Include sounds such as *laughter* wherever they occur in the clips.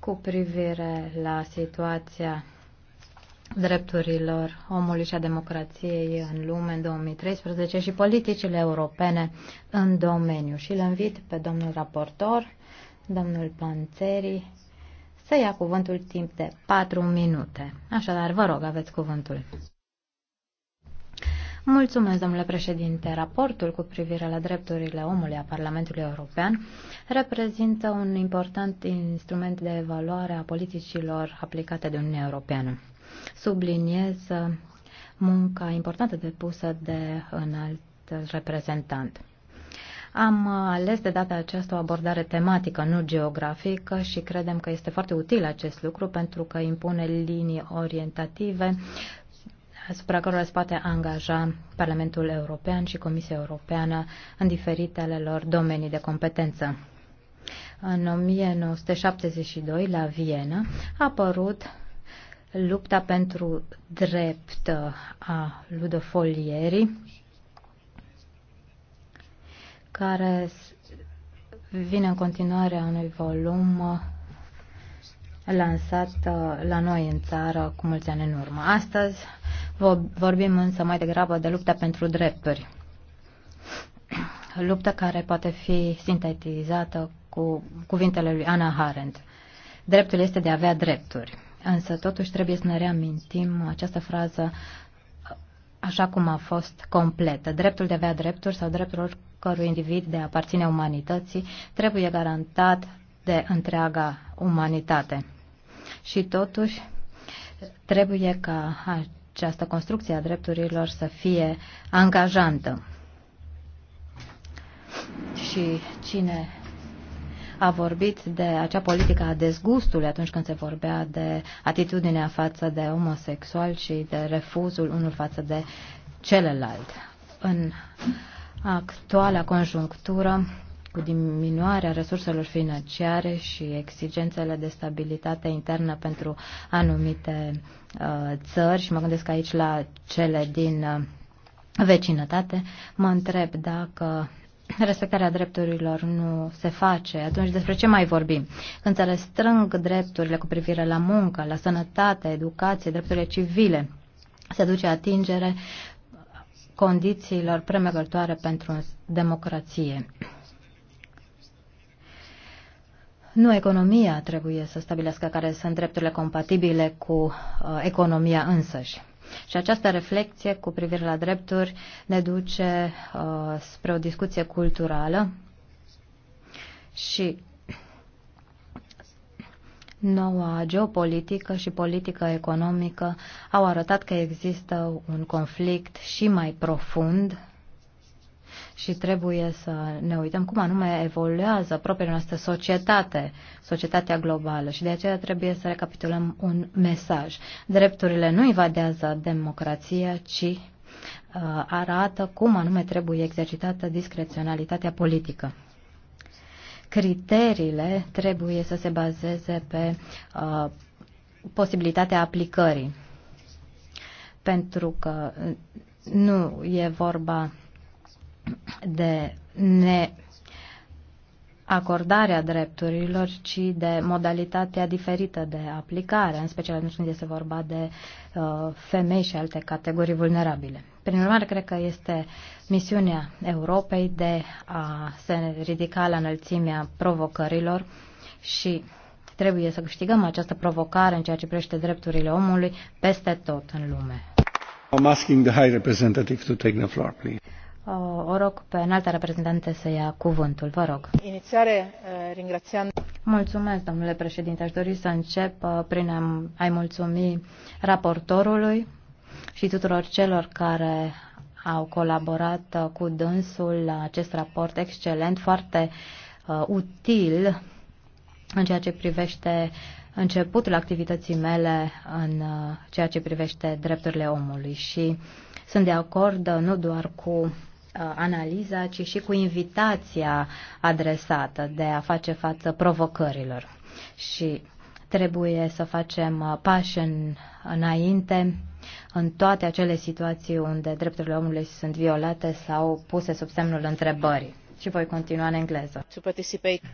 cu privire la situația drepturilor omului și a democrației în lume în 2013 și politicile europene în domeniu. Și îl invit pe domnul raportor, domnul Panțeri, să ia cuvântul timp de 4 minute. Așadar, vă rog, aveți cuvântul. Mulțumesc, domnule președinte. Raportul cu privire la drepturile omului a Parlamentului European reprezintă un important instrument de evaluare a politicilor aplicate de Uniunea Europeană. Subliniez munca importantă depusă de înalt reprezentant. Am ales de data aceasta o abordare tematică, nu geografică, și credem că este foarte util acest lucru pentru că impune linii orientative asupra cărora se poate angaja Parlamentul European și Comisia Europeană în diferitele lor domenii de competență. În 1972, la Viena, a apărut lupta pentru drept a ludofolierii, care vine în continuare a unui volum lansat la noi în țară cu mulți ani în urmă. Astăzi Vorbim însă mai degrabă de lupta pentru drepturi. Lupta care poate fi sintetizată cu cuvintele lui Anna Harent. Dreptul este de a avea drepturi. Însă totuși trebuie să ne reamintim această frază așa cum a fost completă. Dreptul de a avea drepturi sau dreptul oricărui individ de a aparține umanității trebuie garantat de întreaga umanitate. Și totuși trebuie ca această construcție a drepturilor să fie angajantă. Și cine a vorbit de acea politică a dezgustului atunci când se vorbea de atitudinea față de homosexual și de refuzul unul față de celălalt. În actuala conjunctură, cu diminuarea resurselor financiare și exigențele de stabilitate internă pentru anumite uh, țări și mă gândesc aici la cele din uh, vecinătate, mă întreb dacă respectarea drepturilor nu se face, atunci despre ce mai vorbim? Când se restrâng drepturile cu privire la muncă, la sănătate, educație, drepturile civile, se duce atingere condițiilor premergătoare pentru democrație. Nu economia trebuie să stabilească care sunt drepturile compatibile cu uh, economia însăși. Și această reflexie cu privire la drepturi ne duce uh, spre o discuție culturală și noua geopolitică și politică economică au arătat că există un conflict și mai profund și trebuie să ne uităm cum anume evoluează propria noastră societate, societatea globală și de aceea trebuie să recapitulăm un mesaj. Drepturile nu invadează democrația, ci uh, arată cum anume trebuie exercitată discreționalitatea politică. Criteriile trebuie să se bazeze pe uh, posibilitatea aplicării, pentru că uh, nu e vorba de ne acordarea drepturilor, ci de modalitatea diferită de aplicare, în special atunci când este vorba de uh, femei și alte categorii vulnerabile. Prin urmare, cred că este misiunea Europei de a se ridica la înălțimea provocărilor și trebuie să câștigăm această provocare în ceea ce privește drepturile omului peste tot în lume. I'm asking the High Representative to take the floor, please. Uh, o rog pe înalta reprezentante să ia cuvântul. Vă rog. Inițiare, uh, ringrațiand. Mulțumesc, domnule președinte. Aș dori să încep uh, prin a-i mulțumi raportorului și tuturor celor care au colaborat cu dânsul la acest raport excelent, foarte uh, util în ceea ce privește începutul activității mele în uh, ceea ce privește drepturile omului și sunt de acord nu doar cu Uh, analiza, ci și cu invitația adresată de a face față provocărilor. Și trebuie să facem uh, pași în, înainte în toate acele situații unde drepturile omului sunt violate sau puse sub semnul întrebării și voi continua în engleză.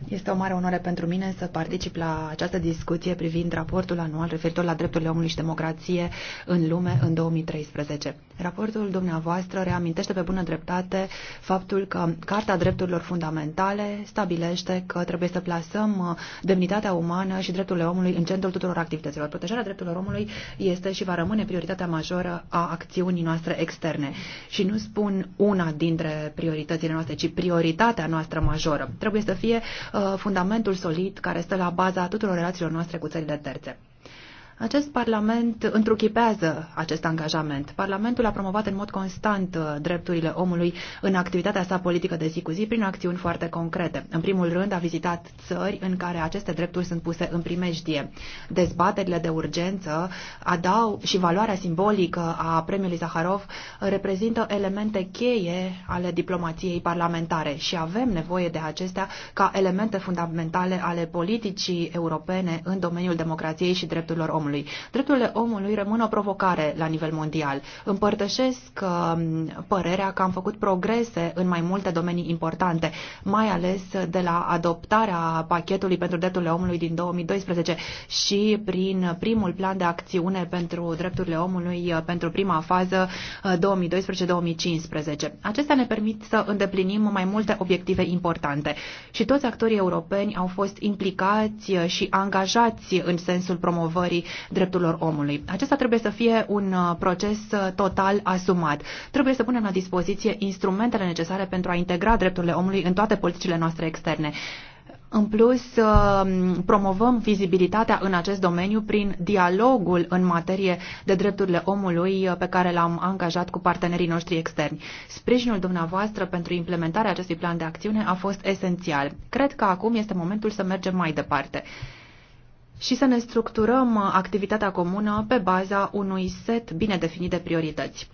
Este o mare onoare pentru mine să particip la această discuție privind raportul anual referitor la drepturile omului și democrație în lume în 2013. Raportul dumneavoastră reamintește pe bună dreptate faptul că Carta Drepturilor Fundamentale stabilește că trebuie să plasăm uh, demnitatea umană și drepturile omului în centrul tuturor activităților. Protejarea drepturilor omului este și va rămâne prioritatea majoră a acțiunii noastre externe. Și nu spun una dintre prioritățile noastre, ci priorități prioritatea noastră majoră. Trebuie să fie uh, fundamentul solid care stă la baza tuturor relațiilor noastre cu țările terțe. Acest Parlament întruchipează acest angajament. Parlamentul a promovat în mod constant uh, drepturile omului în activitatea sa politică de zi cu zi prin acțiuni foarte concrete. În primul rând a vizitat țări în care aceste drepturi sunt puse în primejdie. Dezbaterile de urgență adau și valoarea simbolică a premiului Zaharov reprezintă elemente cheie ale diplomației parlamentare și avem nevoie de acestea ca elemente fundamentale ale politicii europene în domeniul democrației și drepturilor omului omului. Drepturile omului rămân o provocare la nivel mondial. Împărtășesc um, părerea că am făcut progrese în mai multe domenii importante, mai ales de la adoptarea pachetului pentru drepturile omului din 2012 și prin primul plan de acțiune pentru drepturile omului uh, pentru prima fază 2012-2015. Uh, Acestea ne permit să îndeplinim mai multe obiective importante și toți actorii europeni au fost implicați uh, și angajați în sensul promovării drepturilor omului. Acesta trebuie să fie un uh, proces uh, total asumat. Trebuie să punem la dispoziție instrumentele necesare pentru a integra drepturile omului în toate politicile noastre externe. În plus, um, promovăm vizibilitatea în acest domeniu prin dialogul în materie de drepturile omului uh, pe care l-am angajat cu partenerii noștri externi. Sprijinul dumneavoastră pentru implementarea acestui plan de acțiune a fost esențial. Cred că acum este momentul să mergem mai departe și să ne structurăm uh, activitatea comună pe baza unui set bine definit de priorități.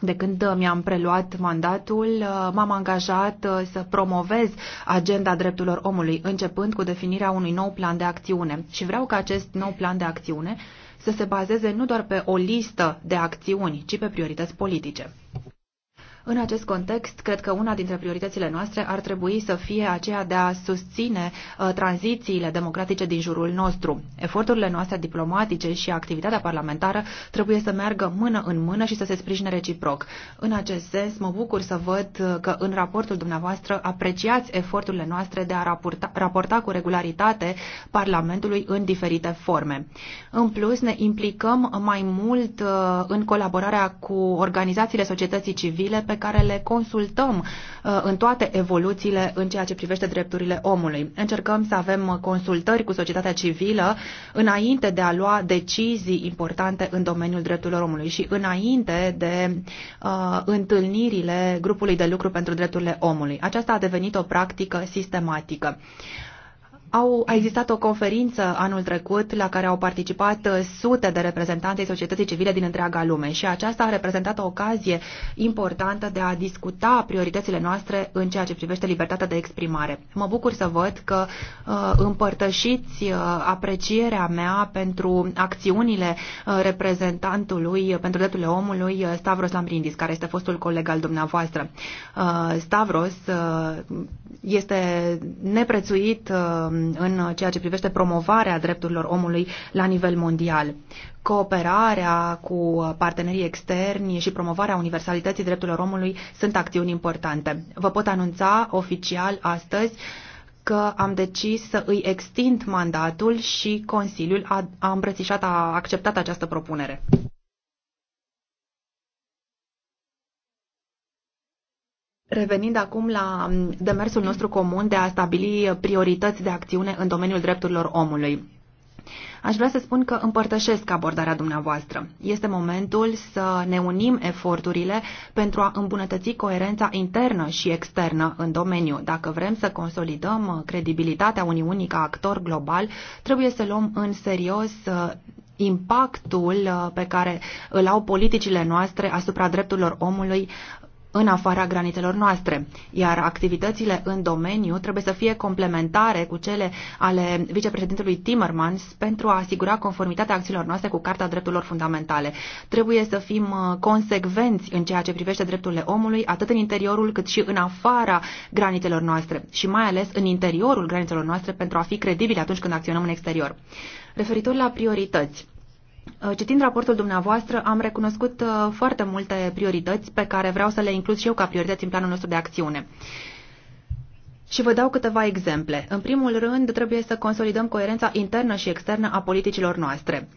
De când uh, mi-am preluat mandatul, uh, m-am angajat să promovez agenda drepturilor omului, începând cu definirea unui nou plan de acțiune. Și vreau ca acest nou plan de acțiune să se bazeze nu doar pe o listă de acțiuni, ci pe priorități politice. În acest context, cred că una dintre prioritățile noastre ar trebui să fie aceea de a susține uh, tranzițiile democratice din jurul nostru. Eforturile noastre diplomatice și activitatea parlamentară trebuie să meargă mână în mână și să se sprijine reciproc. În acest sens, mă bucur să văd uh, că în raportul dumneavoastră apreciați eforturile noastre de a raporta, raporta cu regularitate Parlamentului în diferite forme. În plus, ne implicăm mai mult uh, în colaborarea cu organizațiile societății civile pe care le consultăm uh, în toate evoluțiile în ceea ce privește drepturile omului. Încercăm să avem uh, consultări cu societatea civilă înainte de a lua decizii importante în domeniul drepturilor omului și înainte de uh, întâlnirile grupului de lucru pentru drepturile omului. Aceasta a devenit o practică sistematică. Au, a existat o conferință anul trecut la care au participat uh, sute de ai societății civile din întreaga lume și aceasta a reprezentat o ocazie importantă de a discuta prioritățile noastre în ceea ce privește libertatea de exprimare. Mă bucur să văd că uh, împărtășiți uh, aprecierea mea pentru acțiunile uh, reprezentantului uh, pentru drepturile omului uh, Stavros Lambrindis, care este fostul coleg al dumneavoastră. Uh, Stavros uh, este neprețuit uh, Um, în ceea ce privește promovarea drepturilor omului la nivel mondial. Cooperarea cu partenerii externi și promovarea universalității drepturilor omului sunt acțiuni importante. Vă pot anunța oficial astăzi că am decis să îi extind mandatul și Consiliul a, îmbrățișat, a acceptat această propunere. Revenind acum la mm, demersul nostru comun de a stabili priorități de acțiune în domeniul drepturilor omului. Aș vrea să spun că împărtășesc abordarea dumneavoastră. Este momentul să ne unim eforturile pentru a îmbunătăți coerența internă și externă în domeniu. Dacă vrem să consolidăm credibilitatea Uniunii ca actor global, trebuie să luăm în serios uh, impactul uh, pe care îl au politicile noastre asupra drepturilor omului în afara granițelor noastre, iar activitățile în domeniu trebuie să fie complementare cu cele ale vicepreședintelui Timmermans pentru a asigura conformitatea acțiunilor noastre cu Carta Drepturilor Fundamentale. Trebuie să fim uh, consecvenți în ceea ce privește drepturile omului, atât în interiorul cât și în afara granițelor noastre și mai ales în interiorul granițelor noastre pentru a fi credibili atunci când acționăm în exterior. Referitor la priorități, Uh, citind raportul dumneavoastră, am recunoscut uh, foarte multe priorități pe care vreau să le includ și eu ca priorități în planul nostru de acțiune. Și vă dau câteva exemple. În primul rând, trebuie să consolidăm coerența internă și externă a politicilor noastre.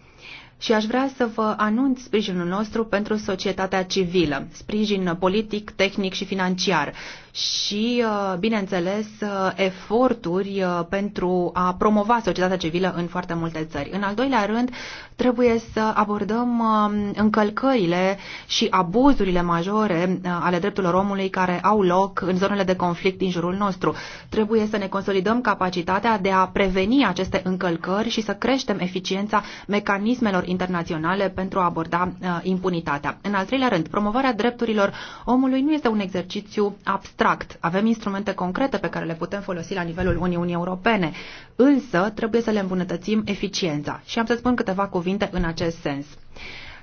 Și aș vrea să vă anunț sprijinul nostru pentru societatea civilă, sprijin politic, tehnic și financiar și, uh, bineînțeles, uh, eforturi uh, pentru a promova societatea civilă în foarte multe țări. În al doilea rând, trebuie să abordăm um, încălcările și abuzurile majore ale drepturilor omului care au loc în zonele de conflict din jurul nostru. Trebuie să ne consolidăm capacitatea de a preveni aceste încălcări și să creștem eficiența mecanismelor internaționale pentru a aborda impunitatea. În al treilea rând, promovarea drepturilor omului nu este un exercițiu abstract abstract. Avem instrumente concrete pe care le putem folosi la nivelul Uniunii Europene, însă trebuie să le îmbunătățim eficiența. Și am să spun câteva cuvinte în acest sens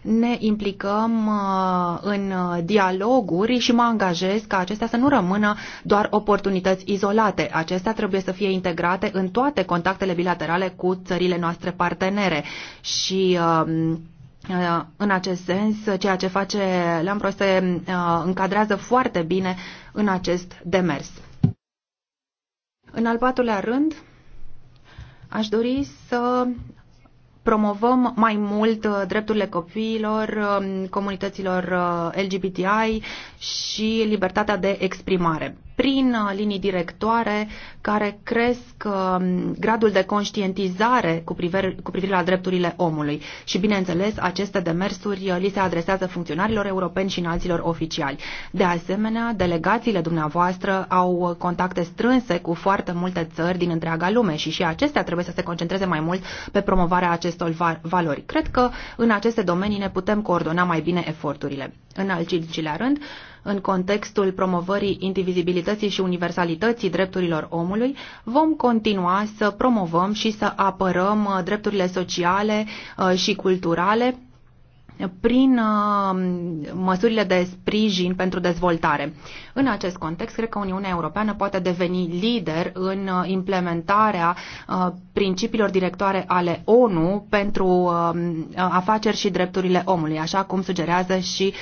ne implicăm uh, în dialoguri și mă angajez ca acestea să nu rămână doar oportunități izolate. Acestea trebuie să fie integrate în toate contactele bilaterale cu țările noastre partenere și um, Uh, în acest sens, ceea ce face Lampros se uh, încadrează foarte bine în acest demers. În al patrulea rând, aș dori să promovăm mai mult uh, drepturile copiilor, um, comunităților LGBTI și libertatea de exprimare prin uh, linii directoare care cresc uh, gradul de conștientizare cu privire, cu privire la drepturile omului. Și, bineînțeles, aceste demersuri uh, li se adresează funcționarilor europeni și înalților oficiali. De asemenea, delegațiile dumneavoastră au contacte strânse cu foarte multe țări din întreaga lume și și acestea trebuie să se concentreze mai mult pe promovarea acestor valori. Cred că în aceste domenii ne putem coordona mai bine eforturile. În al cincilea rând, în contextul promovării indivizibilității și universalității drepturilor omului, vom continua să promovăm și să apărăm uh, drepturile sociale uh, și culturale prin uh, măsurile de sprijin pentru dezvoltare. În acest context, cred că Uniunea Europeană poate deveni lider în uh, implementarea uh, principiilor directoare ale ONU pentru afaceri și drepturile omului, așa cum sugerează și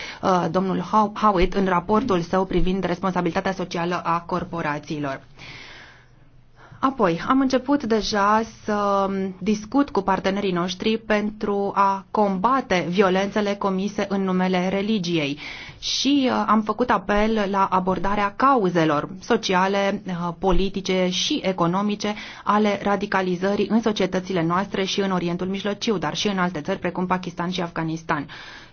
domnul Howitt în raportul său privind responsabilitatea socială a corporațiilor. Apoi, am început deja să discut cu partenerii noștri pentru a combate violențele comise în numele religiei și uh, am făcut apel la abordarea cauzelor sociale, uh, politice și economice ale radicalizării în societățile noastre și în Orientul Mijlociu, dar și în alte țări precum Pakistan și Afganistan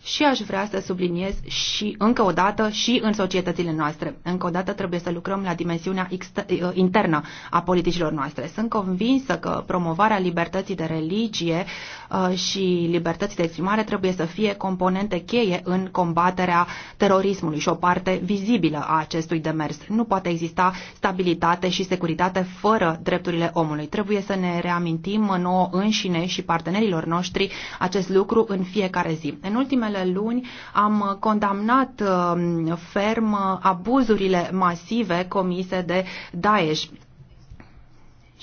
și aș vrea să subliniez și încă o dată și în societățile noastre. Încă o dată trebuie să lucrăm la dimensiunea eh, internă a politicilor noastre. Sunt convinsă că promovarea libertății de religie Uh, și libertății de exprimare trebuie să fie componente cheie în combaterea terorismului și o parte vizibilă a acestui demers. Nu poate exista stabilitate și securitate fără drepturile omului. Trebuie să ne reamintim nouă înșine și partenerilor noștri acest lucru în fiecare zi. În ultimele luni am condamnat um, ferm abuzurile masive comise de Daesh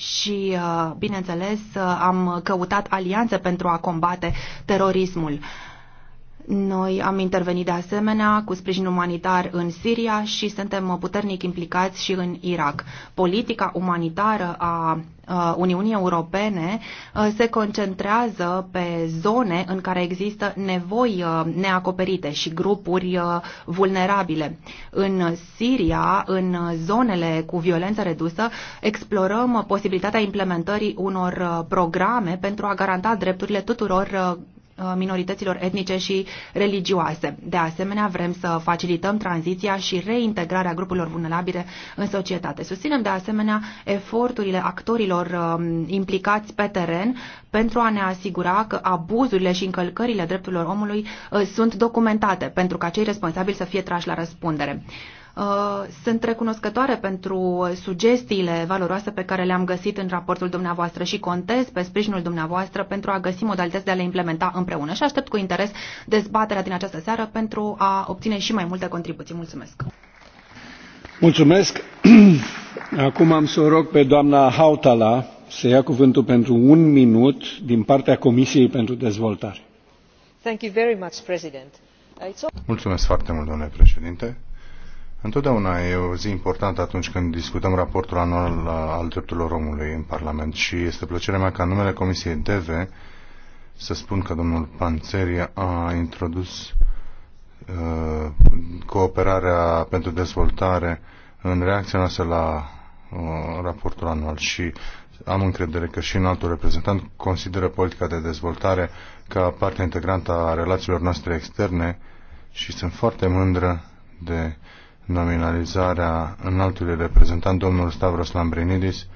și, uh, bineînțeles, uh, am căutat alianțe pentru a combate terorismul. Noi am intervenit de asemenea cu sprijin umanitar în Siria și suntem puternic implicați și în Irak. Politica umanitară a Uniunii Europene se concentrează pe zone în care există nevoi neacoperite și grupuri vulnerabile. În Siria, în zonele cu violență redusă, explorăm posibilitatea implementării unor programe pentru a garanta drepturile tuturor Uh, minorităților etnice și religioase. De asemenea, vrem să facilităm tranziția și reintegrarea grupurilor vulnerabile în societate. Susținem de asemenea eforturile actorilor um, implicați pe teren pentru a ne asigura că abuzurile și încălcările drepturilor omului uh, sunt documentate pentru ca cei responsabili să fie trași la răspundere. Uh, sunt recunoscătoare pentru sugestiile valoroase pe care le-am găsit în raportul dumneavoastră și contez pe sprijinul dumneavoastră pentru a găsi modalități de a le implementa împreună și aștept cu interes dezbaterea din această seară pentru a obține și mai multe contribuții. Mulțumesc! Mulțumesc! *clears throat* Acum am să o rog pe doamna Hautala să ia cuvântul pentru un minut din partea Comisiei pentru Dezvoltare. Uh, Mulțumesc foarte mult, domnule președinte. Întotdeauna e o zi importantă atunci când discutăm raportul anual al drepturilor omului în Parlament și este plăcerea mea ca în numele Comisiei DV să spun că domnul Panțeri a introdus uh, cooperarea pentru dezvoltare în reacția noastră la uh, raportul anual și am încredere că și în altul reprezentant consideră politica de dezvoltare ca parte integrantă a relațiilor noastre externe și sunt foarte mândră de uh, nominalizarea înaltului reprezentant, domnul Stavros Lambrinidis.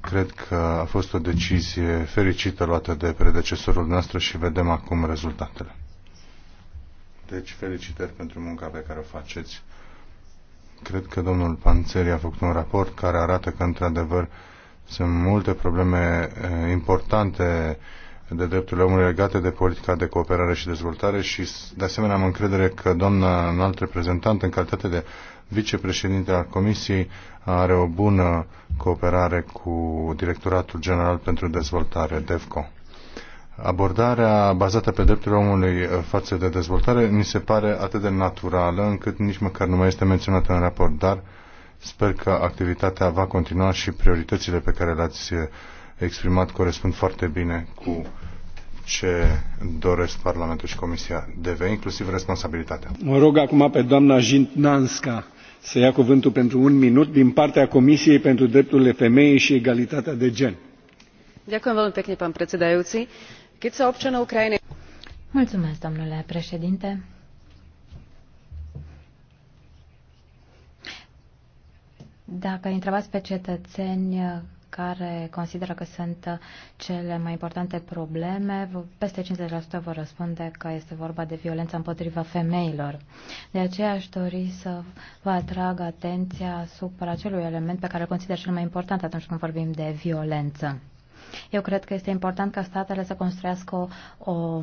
Cred că a fost o decizie fericită luată de predecesorul nostru și vedem acum rezultatele. Deci, felicitări pentru munca pe care o faceți. Cred că domnul Panțeri a făcut un raport care arată că, într-adevăr, sunt multe probleme eh, importante de drepturile omului legate de politica de cooperare și dezvoltare și de asemenea am încredere că doamna înalt reprezentant în calitate de vicepreședinte al Comisiei are o bună cooperare cu Directoratul General pentru Dezvoltare, DEVCO. Abordarea bazată pe drepturile omului față de dezvoltare mi se pare atât de naturală încât nici măcar nu mai este menționată în raport, dar sper că activitatea va continua și prioritățile pe care le-ați exprimat corespund foarte bine cu ce doresc Parlamentul și Comisia DV, inclusiv responsabilitatea. Mă rog acum pe doamna Jintnanska să ia cuvântul pentru un minut din partea Comisiei pentru Drepturile Femeii și Egalitatea de Gen. Mulțumesc, domnule președinte. Dacă întrebați pe cetățeni care consideră că sunt uh, cele mai importante probleme, peste 50% vă răspunde că este vorba de violența împotriva femeilor. De aceea aș dori să vă atrag atenția asupra acelui element pe care îl consider cel mai important atunci când vorbim de violență. Eu cred că este important ca statele să construiască o, o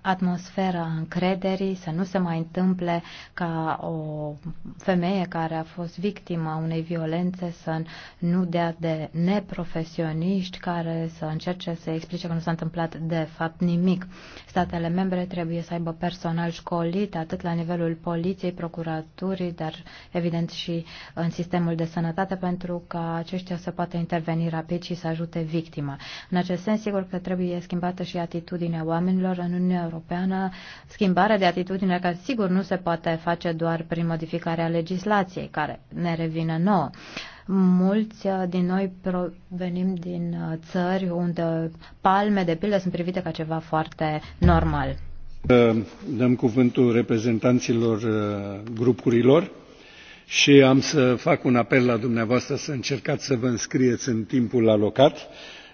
atmosferă a încrederii, să nu se mai întâmple ca o femeie care a fost victima unei violențe să nu dea de neprofesioniști care să încerce să explice că nu s-a întâmplat de fapt nimic. Statele membre trebuie să aibă personal școlit atât la nivelul poliției, procuraturii, dar evident și în sistemul de sănătate pentru ca aceștia să poată interveni rapid și să ajute victima problemă. În acest sens, sigur că trebuie schimbată și atitudinea oamenilor în Uniunea Europeană, schimbarea de atitudine care sigur nu se poate face doar prin modificarea legislației care ne revine nouă. Mulți uh, din noi provenim din uh, țări unde palme, de pildă, sunt privite ca ceva foarte normal. Dăm cuvântul reprezentanților uh, grupurilor și am să fac un apel la dumneavoastră să încercați să vă înscrieți în timpul alocat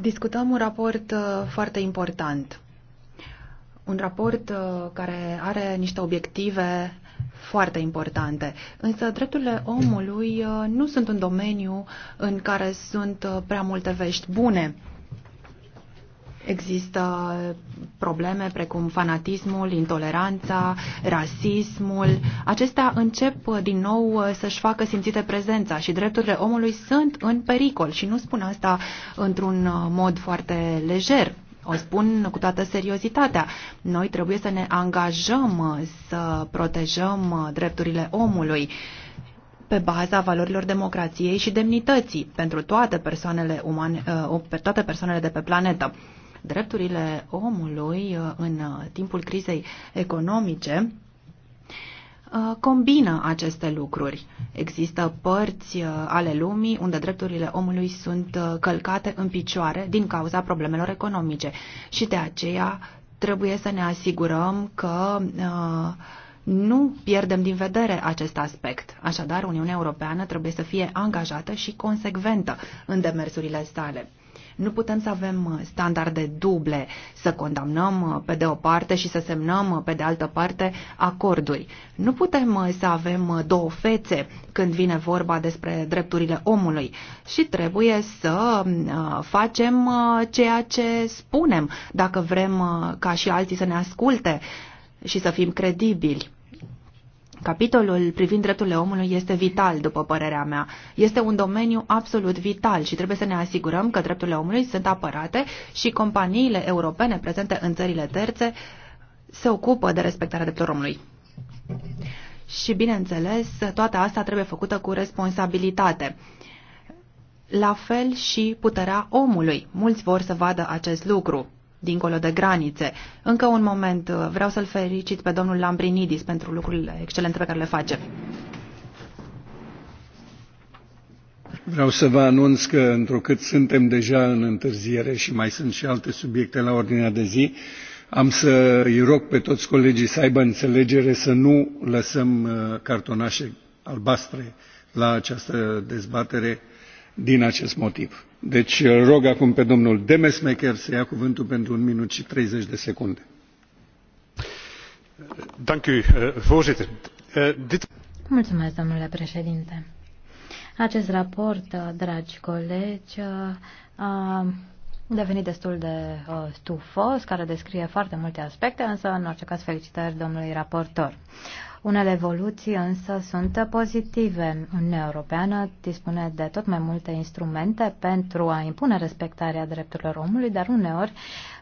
Discutăm un raport uh, foarte important. Un raport uh, care are niște obiective foarte importante. Însă drepturile omului uh, nu sunt un domeniu în care sunt prea multe vești bune. Există probleme precum fanatismul, intoleranța, rasismul. Acestea încep din nou uh, să-și facă simțite prezența și drepturile omului sunt în pericol și nu spun asta într-un uh, mod foarte lejer. O spun cu toată seriozitatea. Noi trebuie să ne angajăm uh, să protejăm drepturile omului pe baza valorilor democrației și demnității pentru toate persoanele, umane, toate persoanele de pe planetă drepturile omului uh, în uh, timpul crizei economice uh, combină aceste lucruri. Există părți ale lumii unde drepturile omului sunt călcate în picioare din cauza problemelor economice și de aceea trebuie să ne asigurăm că nu pierdem din vedere acest aspect. Așadar, Uniunea Europeană trebuie să fie angajată și consecventă în demersurile sale. Nu putem să avem uh, standarde duble, să condamnăm uh, pe de o parte și să semnăm uh, pe de altă parte acorduri. Nu putem să avem două fețe când vine vorba despre drepturile omului și trebuie să facem ceea ce spunem dacă vrem ca și alții să ne asculte și să fim credibili. Capitolul privind drepturile omului este vital, după părerea mea. Este un domeniu absolut vital și trebuie să ne asigurăm că drepturile omului sunt apărate și companiile europene prezente în țările terțe se ocupă de respectarea drepturilor omului. Și, bineînțeles, toate asta trebuie făcută cu responsabilitate. La fel și puterea omului. Mulți vor să vadă acest lucru dincolo de granițe. Încă un moment, uh, vreau să-l fericit pe domnul Lambrinidis pentru lucrurile excelente pe care le face. Vreau să vă anunț că, întrucât suntem deja în întârziere și mai sunt și alte subiecte la ordinea de zi, am să îi rog pe toți colegii să aibă înțelegere să nu lăsăm uh, cartonașe albastre la această dezbatere din acest motiv. Deci rog acum pe domnul demesmaeker să ia cuvântul pentru un minut și 30 de secunde. Eh, eh, Mulțumesc, domnule președinte. Acest raport, eh, dragi colegi, a devenit destul de stufos, care descrie foarte multe aspecte, însă în orice caz felicitări domnului raportor. Unele evoluții însă sunt pozitive. Uniunea Europeană dispune de tot mai multe instrumente pentru a impune respectarea drepturilor omului, dar uneori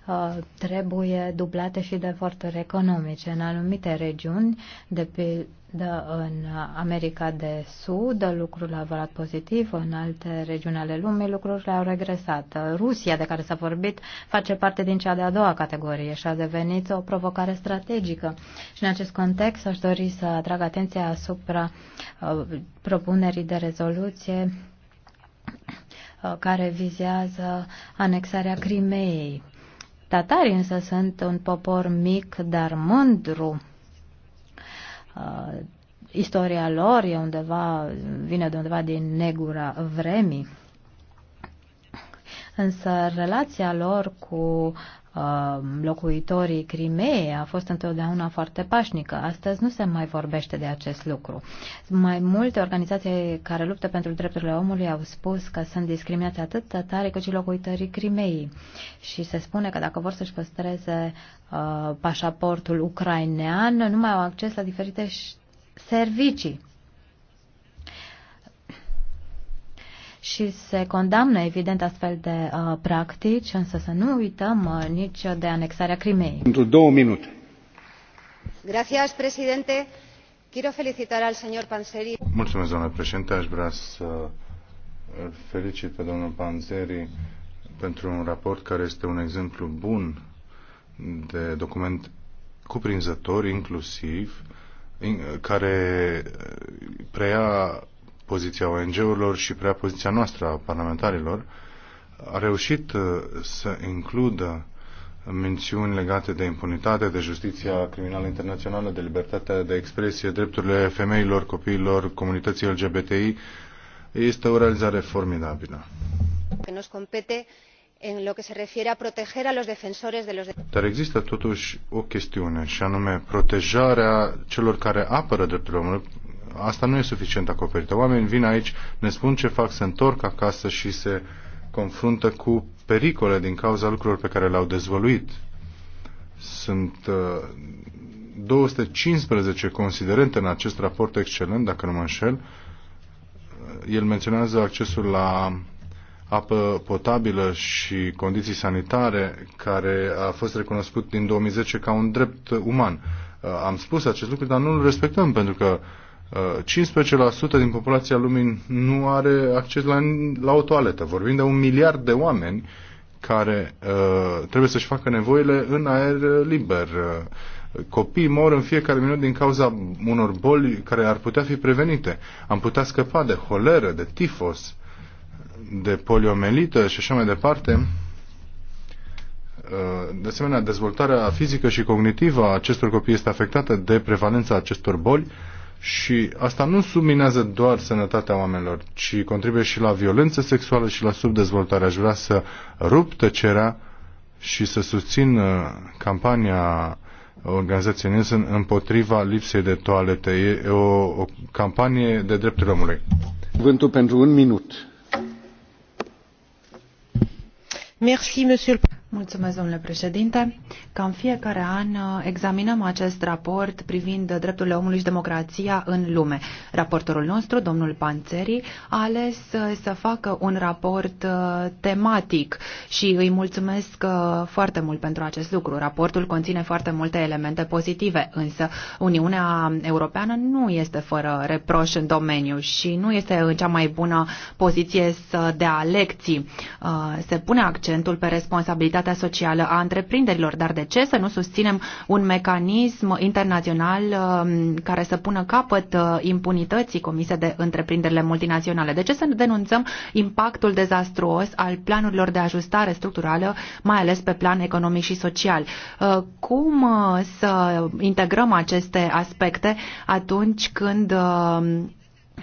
Uh, trebuie dublate și de eforturi economice. În anumite regiuni, de pildă în America de Sud, lucrurile au evoluat pozitiv, în alte regiuni ale lumii lucrurile au regresat. Rusia, de care s-a vorbit, face parte din cea de-a doua categorie și a devenit o provocare strategică. Și în acest context aș dori să atrag atenția asupra uh, propunerii de rezoluție uh, care vizează anexarea Crimeei. Tatarii însă sunt un popor mic, dar mândru. Uh, istoria lor e undeva, vine de undeva din negura vremii. Însă relația lor cu Uh, locuitorii Crimeei a fost întotdeauna foarte pașnică. Astăzi nu se mai vorbește de acest lucru. Mai multe organizații care luptă pentru drepturile omului au spus că sunt discriminați atât tătarii cât și locuitorii Crimeei. Și se spune că dacă vor să-și păstreze uh, pașaportul ucrainean, nu mai au acces la diferite servicii. și se condamnă evident astfel de uh, practici, însă să nu uităm uh, nici de anexarea Crimeei. Pentru două minute. Gracias, presidente. Quiero felicitar al señor Panseri. Mulțumesc, doamnă președinte. Aș vrea să felicit pe domnul Panzeri pentru un raport care este un exemplu bun de document cuprinzător, inclusiv, care preia poziția ONG-urilor și prea poziția noastră a parlamentarilor, a reușit uh, să includă mențiuni legate de impunitate, de justiția criminală internațională, de libertatea de expresie, drepturile femeilor, copiilor, comunității LGBTI, este o realizare formidabilă. Dar există totuși o chestiune, și anume protejarea celor care apără drepturile omului, asta nu e suficient acoperită. Oamenii vin aici, ne spun ce fac, se întorc acasă și se confruntă cu pericole din cauza lucrurilor pe care le-au dezvăluit. Sunt uh, 215 considerente în acest raport excelent, dacă nu mă înșel. El menționează accesul la apă potabilă și condiții sanitare, care a fost recunoscut din 2010 ca un drept uman. Uh, am spus acest lucru, dar nu îl respectăm, pentru că uh, 15% uh, din populația lumii nu are acces la, la o toaletă. Vorbim de un miliard de oameni care uh, trebuie să-și facă nevoile în aer liber. Uh, copiii mor în fiecare minut din cauza unor boli care ar putea fi prevenite. Am putea scăpa de holeră, de tifos, de poliomelită și așa mai departe. Uh, de asemenea, dezvoltarea fizică și cognitivă a acestor copii este afectată de prevalența acestor boli și asta nu subminează doar sănătatea oamenilor, ci contribuie și la violență sexuală și la subdezvoltare. Aș vrea să rup tăcerea și să susțin uh, campania organizației Nielsen împotriva lipsei de toalete. E o, o campanie de drepturi omului. Cuvântul pentru un minut. Merci, monsieur Mulțumesc, domnule președinte. Cam în fiecare an uh, examinăm acest raport privind drepturile omului și democrația în lume. Raportorul nostru, domnul Panțeri, a ales uh, să facă un raport uh, tematic și îi mulțumesc foarte mult pentru acest lucru. Raportul conține foarte multe elemente pozitive, însă Uniunea Europeană nu este fără reproș în domeniu și nu este în cea mai bună poziție să dea lecții. Se pune accentul pe responsabilitatea responsabilitatea socială a întreprinderilor, dar de ce să nu susținem un mecanism internațional um, care să pună capăt uh, impunității comise de întreprinderile multinaționale? De ce să denunțăm impactul dezastruos al planurilor de ajustare structurală, mai ales pe plan economic și social? Uh, cum uh, să integrăm aceste aspecte atunci când um,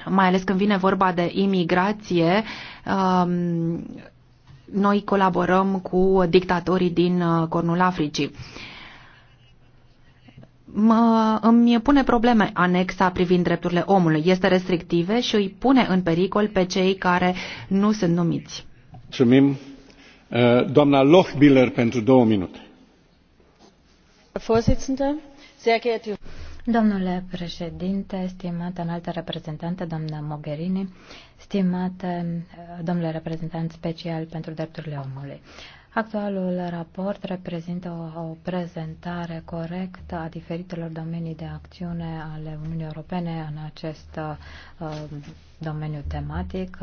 mai ales când vine vorba de imigrație, um, noi colaborăm cu dictatorii din uh, Cornul Africii. Mă, îmi pune probleme anexa privind drepturile omului. Este restrictive și îi pune în pericol pe cei care nu sunt numiți. Mulțumim. Uh, doamna Lochbiller pentru două minute. Vorsitzende, sehr geehrte Domnule președinte, stimată înaltă reprezentantă, doamna Mogherini, stimată domnule reprezentant special pentru drepturile omului. Actualul raport reprezintă o, o prezentare corectă a diferitelor domenii de acțiune ale Uniunii Europene în acest uh, domeniu tematic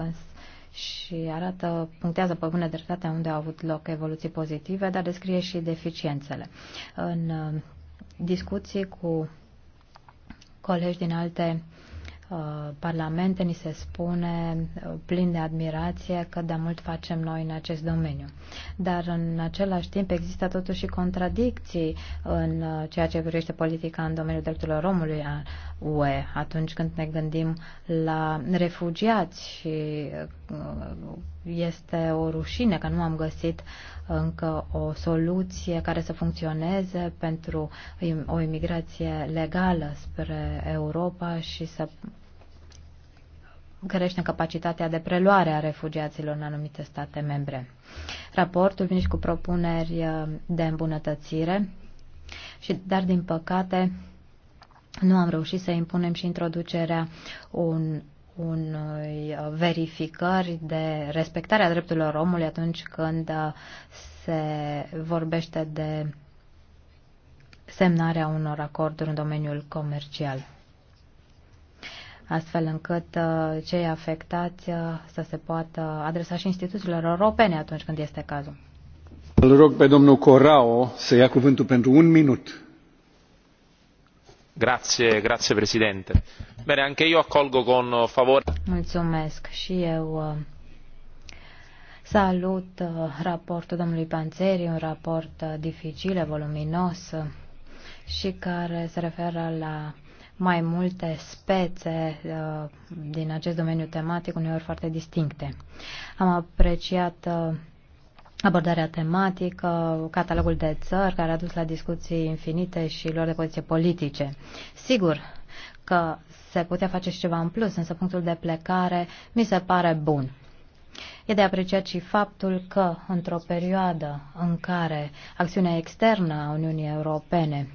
și arată, punctează pe bună dreptate unde au avut loc evoluții pozitive, dar descrie și deficiențele. În uh, discuții cu colegi din alte uh, parlamente ni se spune uh, plin de admirație că de mult facem noi în acest domeniu. Dar în același timp există totuși și contradicții în uh, ceea ce privește politica în domeniul drepturilor omului a UE atunci când ne gândim la refugiați și uh, este o rușine că nu am găsit încă o soluție care să funcționeze pentru o imigrație legală spre Europa și să crește capacitatea de preluare a refugiaților în anumite state membre. Raportul vine și cu propuneri uh, de îmbunătățire, și, dar din păcate nu am reușit să impunem și introducerea un, unui verificări de respectarea drepturilor omului atunci când uh, se vorbește de semnarea unor acorduri în domeniul comercial astfel încât uh, cei afectați uh, să se poată adresa și instituțiilor europene atunci când este cazul. Îl rog pe domnul Corao să ia cuvântul pentru un minut anche io accolgo con favore. Mulțumesc și eu uh, salut uh, raportul domnului Panzeri, un raport uh, dificil, voluminos și care se referă la mai multe spețe din acest domeniu tematic, uneori foarte distincte. Am apreciat abordarea tematică, catalogul de țări care a dus la discuții infinite și lor de poziție politice. Sigur că se putea face și ceva în plus, însă punctul de plecare mi se pare bun. E de apreciat și faptul că, într-o perioadă în care acțiunea externă a Uniunii Europene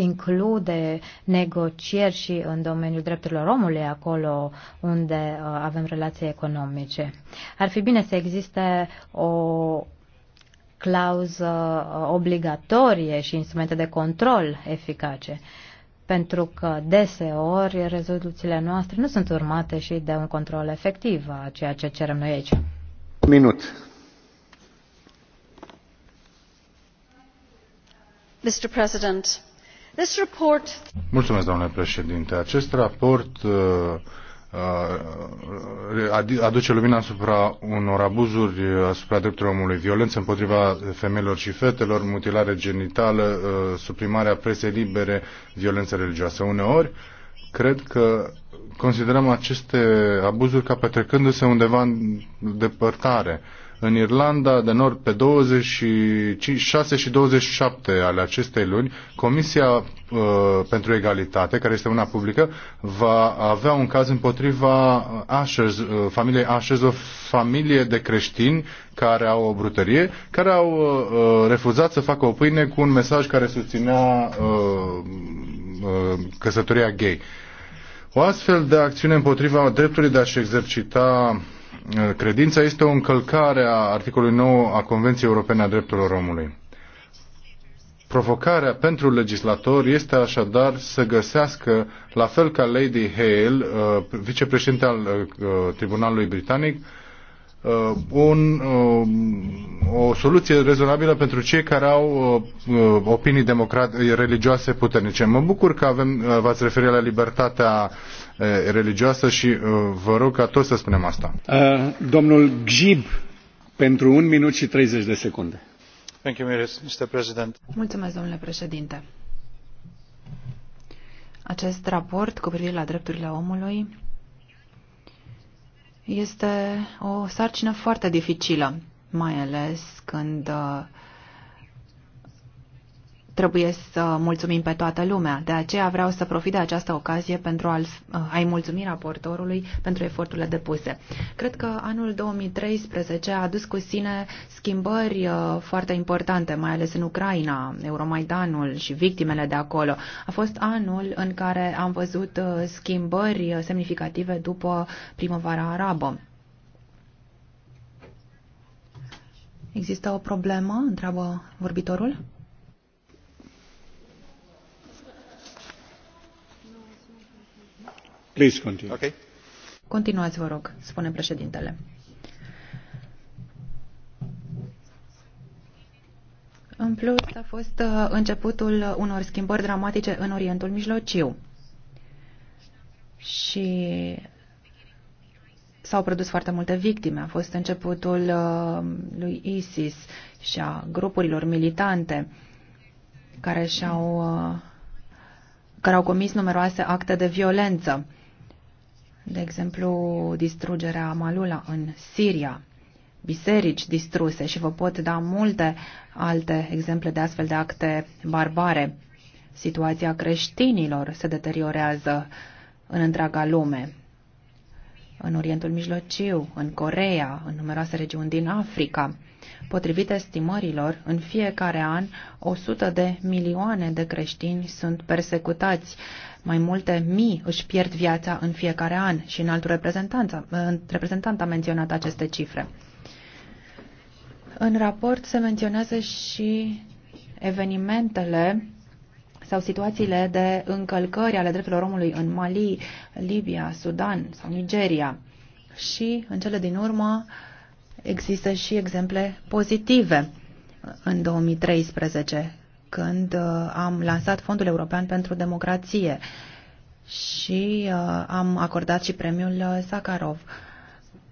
include negocieri și în domeniul drepturilor omului, acolo unde uh, avem relații economice. Ar fi bine să existe o clauză uh, obligatorie și instrumente de control eficace pentru că deseori rezoluțiile noastre nu sunt urmate și de un control efectiv a ceea ce cerem noi aici. Minut. Mr. President, Mulțumesc, domnule președinte. Acest raport uh, uh, aduce lumina asupra unor abuzuri asupra drepturilor omului, violență împotriva femeilor și fetelor, mutilare genitală, uh, suprimarea presei libere, violență religioasă. Uneori, cred că considerăm aceste abuzuri ca petrecându-se undeva în depărtare în Irlanda de Nord pe 26 și 27 ale acestei luni, Comisia uh, pentru Egalitate, care este una publică, va avea un caz împotriva Ashers, uh, familiei Ashers, o familie de creștini care au o brutărie, care au uh, uh, refuzat să facă o pâine cu un mesaj care susținea uh, uh, căsătoria gay. O astfel de acțiune împotriva dreptului de a-și exercita Credința este o încălcare a articolului 9 a Convenției Europene a Drepturilor Omului. Provocarea pentru legislator este așadar să găsească, la fel ca Lady Hale, uh, vicepreședinte al uh, Tribunalului Britanic, uh, un, o soluție rezonabilă pentru cei care au opinii democrat religioase puternice. Mă bucur că avem, v-ați referit la libertatea religioasă și vă rog ca toți să spunem asta. Domnul Gjib, pentru un minut și 30 de secunde. Mulțumesc, domnule președinte. Acest raport cu privire la drepturile omului este o sarcină foarte dificilă, mai ales când uh, Trebuie să mulțumim pe toată lumea, de aceea vreau să profit de această ocazie pentru a-i mulțumi raportorului pentru eforturile depuse. Cred că anul 2013 a adus cu sine schimbări uh, foarte importante, mai ales în Ucraina, Euromaidanul și victimele de acolo. A fost anul în care am văzut uh, schimbări uh, semnificative după primăvara arabă. Există o problemă? Întreabă vorbitorul. Please continue. Okay. Continuați, vă rog, spune președintele. În plus, a fost uh, începutul unor schimbări dramatice în Orientul Mijlociu. Și s-au produs foarte multe victime. A fost începutul uh, lui ISIS și a grupurilor militante care și-au uh, care au comis numeroase acte de violență de exemplu, distrugerea Malula în Siria, biserici distruse și vă pot da multe alte exemple de astfel de acte barbare. Situația creștinilor se deteriorează în întreaga lume în Orientul Mijlociu, în Corea, în numeroase regiuni din Africa. Potrivit estimărilor, în fiecare an 100 de milioane de creștini sunt persecutați. Mai multe mii își pierd viața în fiecare an și în altul reprezentant, reprezentant a menționat aceste cifre. În raport se menționează și evenimentele sau situațiile de încălcări ale drepturilor omului în Mali, Libia, Sudan sau Nigeria. Și, în cele din urmă, există și exemple pozitive în 2013, când uh, am lansat Fondul European pentru Democrație și uh, am acordat și premiul uh, Sakharov,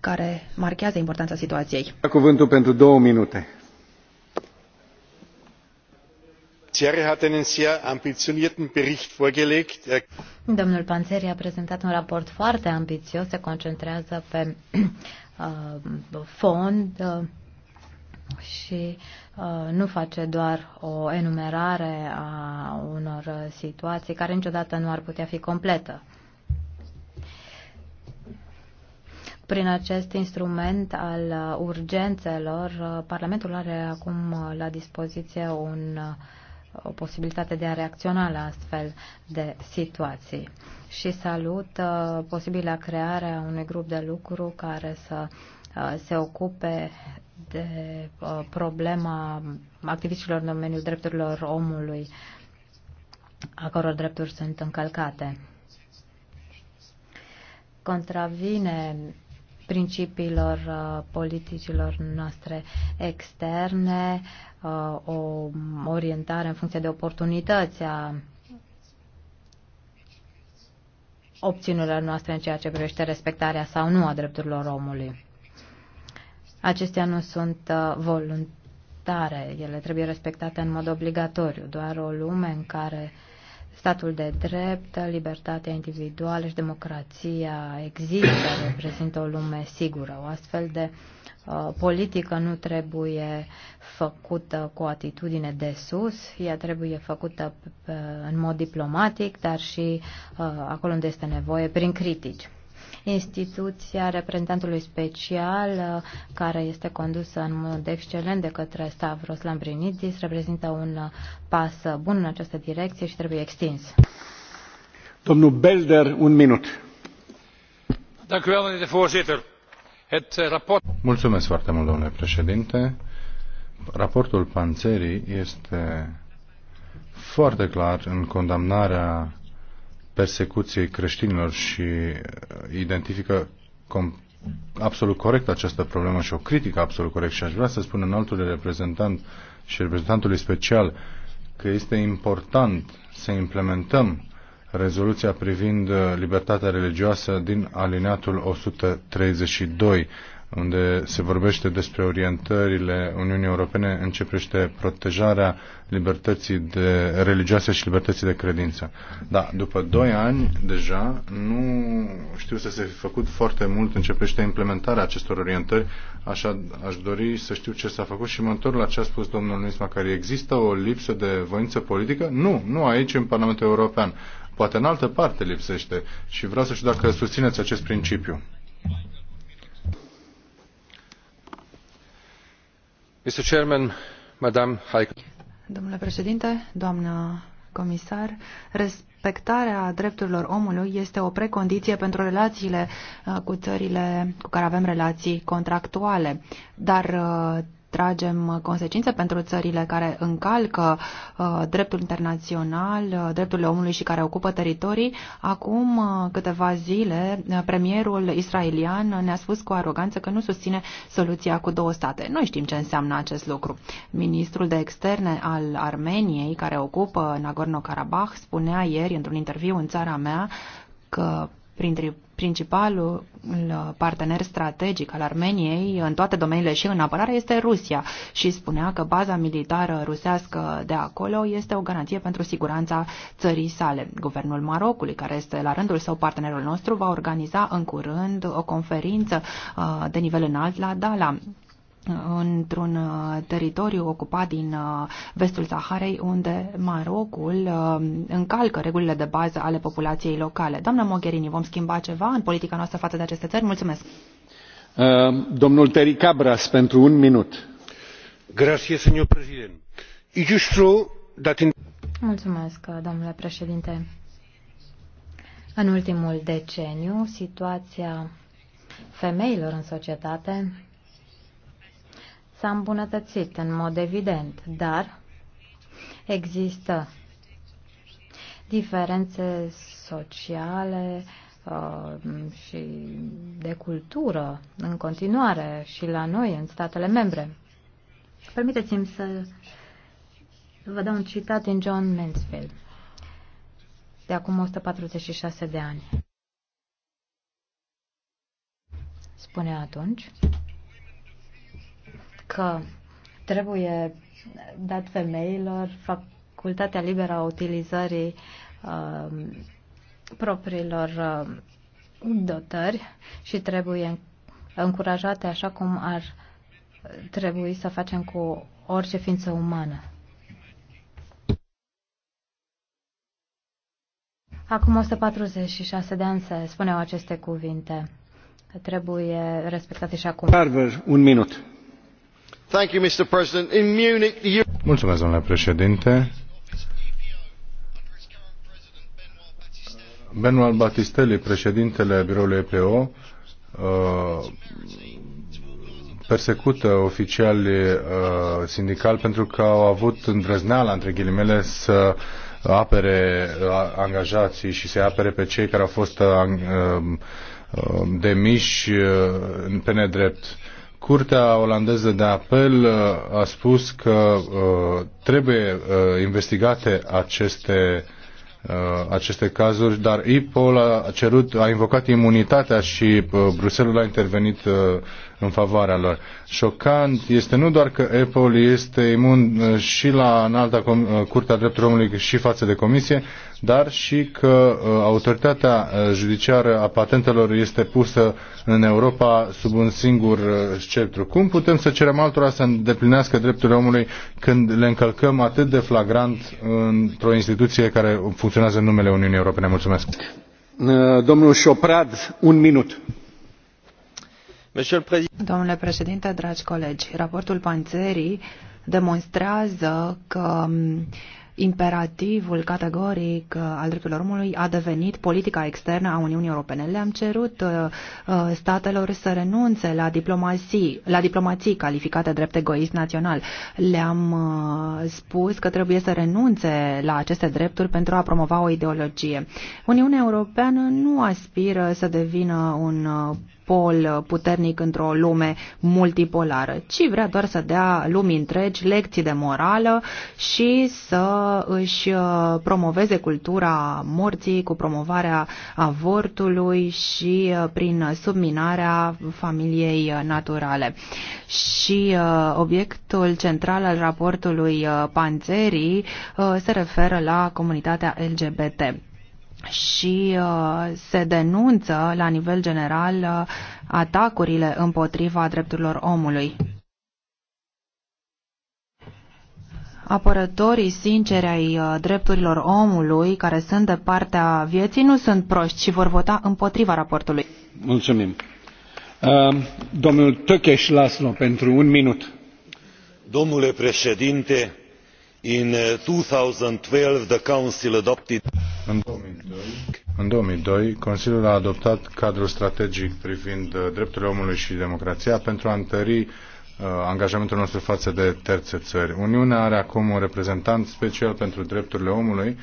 care marchează importanța situației. Cuvântul pentru două minute. panzeri er Domnul Panzeri a prezentat un raport foarte ambițios, se concentrează pe *clears throat* uh, fond uh, și uh, nu face doar o enumerare a unor situații care niciodată nu ar putea fi completă. Prin acest instrument al urgențelor, uh, Parlamentul are acum uh, la dispoziție un uh, o posibilitate de a reacționa la astfel de situații. Și salut uh, posibilă crearea unui grup de lucru care să uh, se ocupe de uh, problema activiștilor în domeniul drepturilor omului, a căror drepturi sunt încălcate. Contravine principiilor uh, politicilor noastre externe, uh, o orientare în funcție de oportunități a opțiunilor noastre în ceea ce privește respectarea sau nu a drepturilor omului. Acestea nu sunt uh, voluntare, ele trebuie respectate în mod obligatoriu. Doar o lume în care uh, statul de drept, libertatea individuală și democrația există, reprezintă o lume sigură. O astfel de uh, politică nu trebuie făcută cu atitudine de sus, ea trebuie făcută pe, uh, pe, în mod diplomatic, dar și uh, acolo unde este nevoie, prin critici instituția reprezentantului special, uh, care este condusă în mod excelent de către Stavros Lambrinidis, reprezintă un uh, pas uh, bun în această direcție și trebuie extins. Domnul Belder, un minut. Eh, Mulțumesc foarte mult, domnule președinte. Raportul Panțerii este foarte clar în condamnarea persecuției creștinilor și uh, identifică absolut corect această problemă și o critică absolut corect și aș vrea să spun în altul reprezentant și reprezentantului special că este important să implementăm rezoluția privind uh, libertatea religioasă din alineatul 132 unde se vorbește despre orientările Uniunii Europene în ce privește protejarea libertății de religioase și libertății de credință. Da, după doi ani deja nu știu să se fi făcut foarte mult în ce privește implementarea acestor orientări, așa aș dori să știu ce s-a făcut și mă întorc la ce a spus domnul Nisma, care există o lipsă de voință politică? Nu, nu aici în Parlamentul European. Poate în altă parte lipsește și vreau să știu dacă susțineți acest principiu. Domnule președinte, doamnă comisar, respectarea drepturilor omului este o precondiție pentru relațiile uh, cu țările cu care avem relații contractuale, dar uh, tragem uh, consecințe pentru țările care încalcă uh, dreptul internațional, uh, drepturile omului și care ocupă teritorii. Acum uh, câteva zile, uh, premierul israelian ne-a spus cu aroganță că nu susține soluția cu două state. Noi știm ce înseamnă acest lucru. Ministrul de externe al Armeniei, care ocupă Nagorno-Karabakh, spunea ieri într-un interviu în țara mea că printre principalul partener strategic al Armeniei în toate domeniile și în apărare este Rusia și spunea că baza militară rusească de acolo este o garanție pentru siguranța țării sale. Guvernul Marocului, care este la rândul său partenerul nostru, va organiza în curând o conferință uh, de nivel înalt la Dala într-un uh, teritoriu ocupat din uh, vestul Saharei, unde Marocul uh, încalcă regulile de bază ale populației locale. Doamna Mogherini, vom schimba ceva în politica noastră față de aceste țări? Mulțumesc! Domnul Teri Cabras, pentru un minut. Grazie, senor președinte. Mulțumesc, domnule președinte. În ultimul deceniu, situația femeilor în societate s-a îmbunătățit în mod evident, dar există diferențe sociale uh, și de cultură în continuare și la noi, în statele membre. Permiteți-mi să vă dau un citat din John Mansfield de acum 146 de ani. Spune atunci, că trebuie dat femeilor facultatea liberă a utilizării uh, propriilor uh, dotări și trebuie încurajate așa cum ar trebui să facem cu orice ființă umană. Acum 146 de ani se spuneau aceste cuvinte. Trebuie respectate și acum. Carver, un minut. Mulțumesc, domnule președinte. Benoît Battistelli, președintele biroului EPO, uh, persecută oficiali uh, sindicali pentru că au avut îndrăzneala, între ghilimele, să apere uh, angajații și să apere pe cei care au fost demiși pe nedrept Curtea olandeză de apel uh, a spus că uh, trebuie uh, investigate aceste aceste cazuri, dar IPOL a cerut, a invocat imunitatea și Bruxelles a intervenit în favoarea lor. Șocant este nu doar că Apple este imun uh, și la înalta uh, Curtea Drepturilor Omului și față de Comisie, dar și că uh, autoritatea judiciară a patentelor este pusă în Europa sub un singur sceptru. Cum putem să cerem altora să îndeplinească drepturile omului când le încălcăm atât de flagrant într-o instituție care funcționează în numele Uniunii Europene? Mulțumesc. Domnul Șoprad, un minut. Domnule președinte, dragi colegi, raportul Panzeri demonstrează că um, imperativul categoric uh, al drepturilor omului a devenit politica externă a Uniunii Europene. Le-am cerut uh, uh, statelor să renunțe la diplomații, la diplomații calificate drept egoist național. Le-am spus că trebuie să renunțe la aceste drepturi pentru a promova o ideologie. Uniunea Europeană nu aspiră să devină un pol puternic într-o lume multipolară, ci vrea doar să dea lumii întregi lecții de morală și să își uh, promoveze cultura morții cu promovarea avortului și uh, prin subminarea familiei naturale. Și uh, obiectul central al raportului Panzerii se referă la comunitatea LGBT și uh, se denunță la nivel general uh, atacurile împotriva drepturilor omului. Apărătorii sinceri ai uh, drepturilor omului, care sunt de partea vieții, nu sunt proști și vor vota împotriva raportului. Mulțumim. Domnul Tăcheș Laslo, pentru un minut. Domnule președinte, Uh, în două mii doi Consiliul a adoptat cadrul strategic privind uh, drepturile omului și democrația pentru a întări uh, angajamentul nostru față de terțe țări. Uniunea are acum un reprezentant special pentru drepturile omului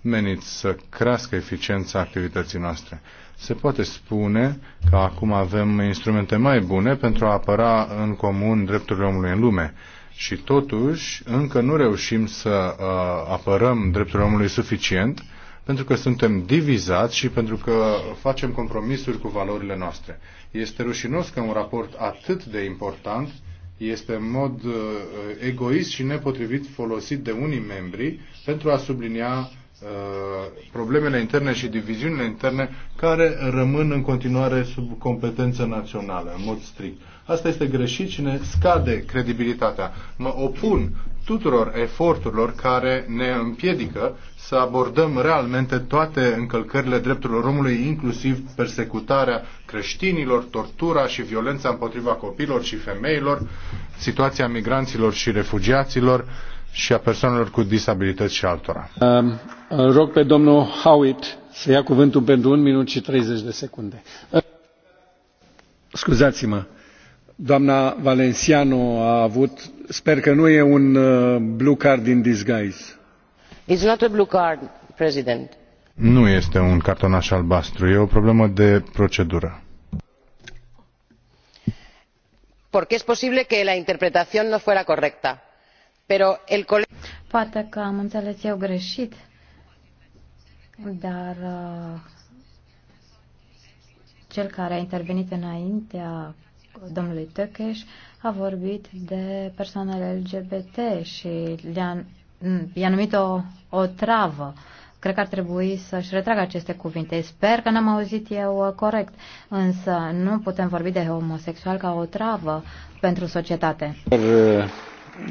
menit să crească eficiența activității noastre. Se poate spune că acum avem instrumente mai bune pentru a apăra în comun drepturile omului în lume și totuși, încă nu reușim să uh, apărăm drepturile omului suficient pentru că suntem divizați și pentru că facem compromisuri cu valorile noastre. Este rușinos că un raport atât de important este în mod uh, egoist și nepotrivit folosit de unii membri pentru a sublinia uh, problemele interne și diviziunile interne care rămân în continuare sub competență națională, în mod strict. Asta este greșit și ne scade credibilitatea. Mă opun tuturor eforturilor care ne împiedică să abordăm realmente toate încălcările drepturilor omului, inclusiv persecutarea creștinilor, tortura și violența împotriva copiilor și femeilor, situația migranților și refugiaților și a persoanelor cu disabilități și altora. Um, rog pe domnul Howitt să ia cuvântul pentru un minut și 30 de secunde. Scuzați-mă doamna valenciano a avut sper că nu e un uh, blue card in disguise. It's not a blue card, President. Nu este un cartonaș albastru, e o problemă de procedură. Porque es posible que la interpretación no fuera correcta. Pero el Poate că am înțeles eu greșit, dar uh, cel care a intervenit înaintea domnului Tăcheș a vorbit de persoanele LGBT și mm, i-a numit o, o travă. Cred că ar trebui să-și retragă aceste cuvinte. Sper că n-am auzit eu uh, corect, însă nu putem vorbi de homosexual ca o travă pentru societate. Uh,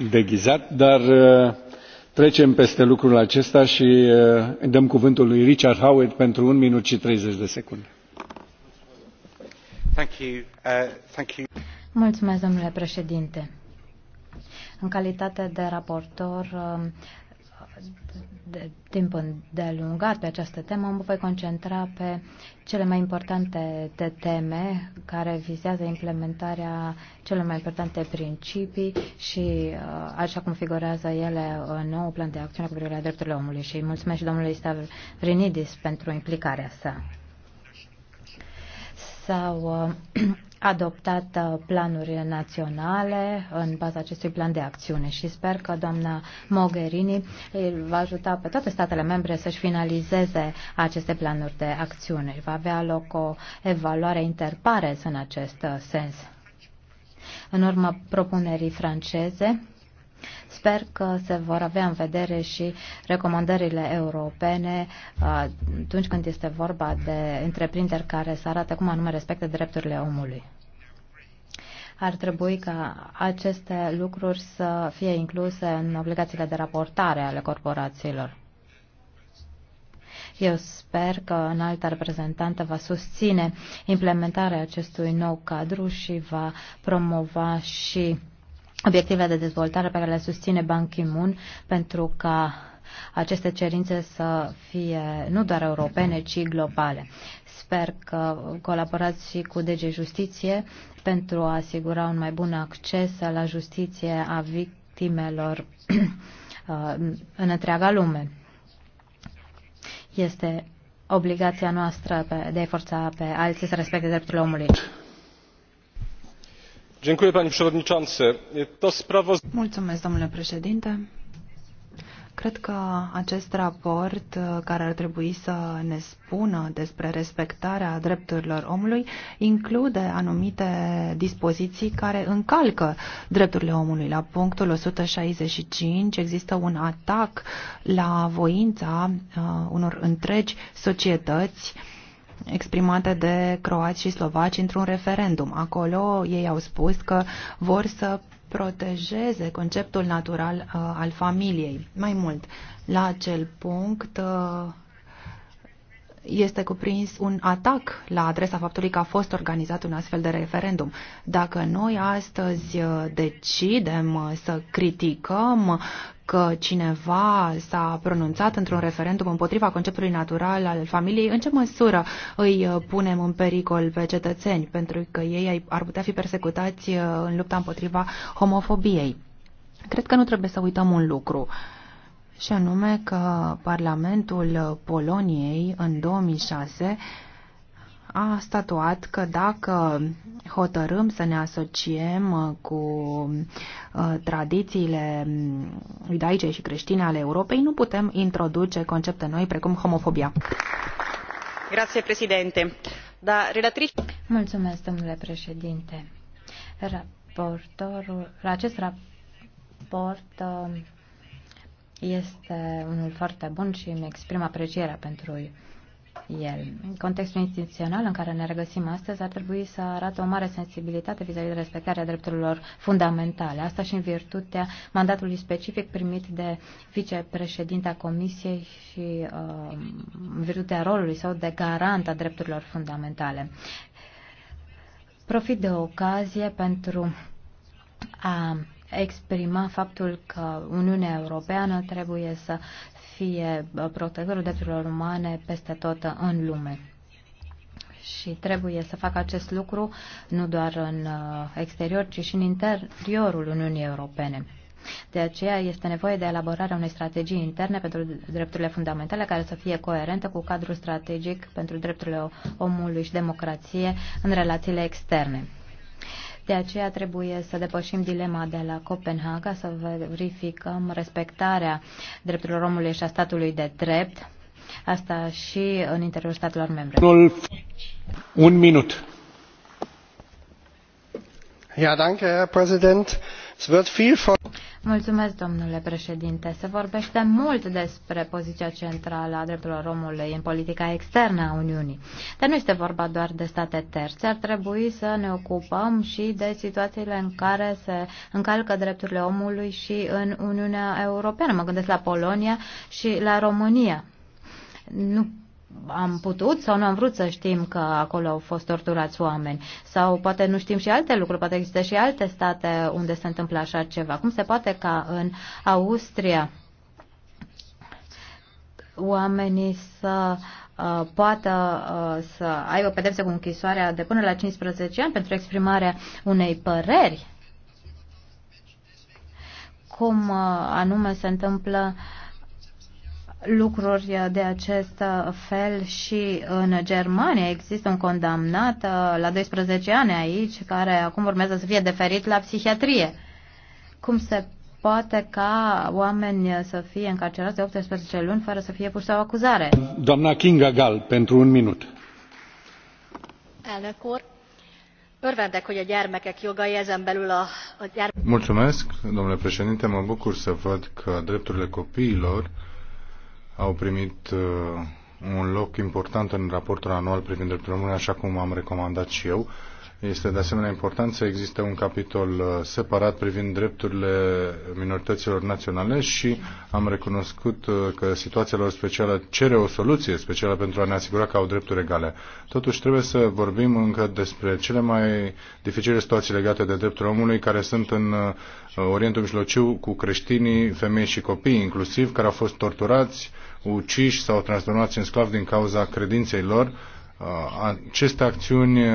deghizat, dar uh, trecem peste lucrul acesta și dăm cuvântul lui Richard Howard pentru un minut și 30 de secunde. Uh, mulțumesc, domnule președinte. În calitate de raportor um, de timp îndelungat pe această temă, mă voi concentra pe cele mai importante de teme care vizează implementarea celor mai importante principii și uh, așa cum figurează ele în nou plan de acțiune cu privire la drepturile omului. Și mulțumesc și domnului Stavrinidis pentru implicarea sa. S-au uh, *clears throat* adoptat uh, planuri naționale în baza acestui plan de acțiune și sper că doamna Mogherini îl eh, va ajuta pe toate statele membre să-și finalizeze aceste planuri de acțiune. Va avea loc o evaluare interpares în acest uh, sens. În urma propunerii franceze, Sper că se vor avea în vedere și recomandările europene uh, atunci când este vorba de întreprinderi care să arate cum anume respectă drepturile omului ar trebui ca aceste lucruri să fie incluse în obligațiile de raportare ale corporațiilor. Eu sper că alta reprezentantă va susține implementarea acestui nou cadru și va promova și obiective de dezvoltare pe care le susține Ban Ki-moon pentru ca aceste cerințe să fie nu doar europene, ci globale. Sper că colaborați și cu DG Justiție pentru a asigura un mai bun acces la justiție a victimelor *clears throat* uh, în întreaga lume. Este obligația noastră de a forța pe alții să respecte drepturile omului. Mulțumesc, domnule președinte. Cred că acest raport uh, care ar trebui să ne spună despre respectarea drepturilor omului include anumite dispoziții care încalcă drepturile omului. La punctul 165 există un atac la voința uh, unor întregi societăți uh, exprimate de croați și slovaci într-un referendum. Acolo ei au spus că vor să protejeze conceptul natural uh, al familiei. Mai mult, la acel punct uh, este cuprins un atac la adresa faptului că a fost organizat un astfel de referendum. Dacă noi astăzi uh, decidem uh, să criticăm că cineva s-a pronunțat într-un referendum împotriva conceptului natural al familiei, în ce măsură îi uh, punem în pericol pe cetățeni, pentru că ei ar putea fi persecutați uh, în lupta împotriva homofobiei? Cred că nu trebuie să uităm un lucru. Și anume că Parlamentul Poloniei în 2006 a statuat că dacă hotărâm să ne asociem uh, cu uh, tradițiile iudaice și creștine ale Europei, nu putem introduce concepte noi precum homofobia. Grazie, președinte. Da, relatrice... Mulțumesc, domnule președinte. Raportorul, acest raport uh, este unul foarte bun și îmi exprim aprecierea pentru el. În contextul instituțional în care ne regăsim astăzi ar trebui să arate o mare sensibilitate vis-a-vis -vis de respectarea drepturilor fundamentale. Asta și în virtutea mandatului specific primit de vicepreședinta Comisiei și uh, în virtutea rolului sau de garant a drepturilor fundamentale. Profit de ocazie pentru a exprima faptul că Uniunea Europeană trebuie să fie protectorul drepturilor umane peste tot în lume. Și trebuie să facă acest lucru nu doar în uh, exterior, ci și în interiorul Uniunii Europene. De aceea este nevoie de elaborarea unei strategii interne pentru drepturile fundamentale care să fie coerentă cu cadrul strategic pentru drepturile omului și democrație în relațiile externe. De aceea trebuie să depășim dilema de la Copenhaga, să verificăm respectarea drepturilor omului și a statului de drept, asta și în interiorul statelor membre. Un minut. Ja, danke, Herr Präsident. Es wird viel von Mulțumesc, domnule președinte. Se vorbește mult despre poziția centrală a drepturilor omului în politica externă a Uniunii. Dar nu este vorba doar de state terțe. Ar trebui să ne ocupăm și de situațiile în care se încalcă drepturile omului și în Uniunea Europeană. Mă gândesc la Polonia și la România. Nu am putut sau nu am vrut să știm că acolo au fost torturați oameni. Sau poate nu știm și alte lucruri, poate există și alte state unde se întâmplă așa ceva. Cum se poate ca în Austria oamenii să uh, poată uh, să aibă pedepse cu închisoarea de până la 15 ani pentru exprimarea unei păreri? Cum uh, anume se întâmplă uh, lucruri de acest fel și în Germania. Există un condamnat uh, la 12 ani aici, care acum urmează să fie deferit la psihiatrie. Cum se poate ca oameni să fie încarcerați de 18 luni fără să fie pusă o acuzare? Doamna Kinga Gal, pentru un minut. Elnök úr, örvendek, hogy a gyermekek jogai ezen belül a, a gyermek... Mulțumesc, domnule președinte, mă bucur să văd că drepturile copiilor au primit uh, un loc important în raportul anual privind drepturile omului, așa cum am recomandat și eu. Este de asemenea important să existe un capitol uh, separat privind drepturile minorităților naționale și am recunoscut uh, că situația lor specială cere o soluție specială pentru a ne asigura că au drepturi egale. Totuși trebuie să vorbim încă despre cele mai dificile situații legate de drepturile omului care sunt în Orientul Mijlociu cu creștinii, femei și copii inclusiv, care au fost torturați, uciși sau transformați în sclavi din cauza credinței lor. Uh, aceste acțiuni uh,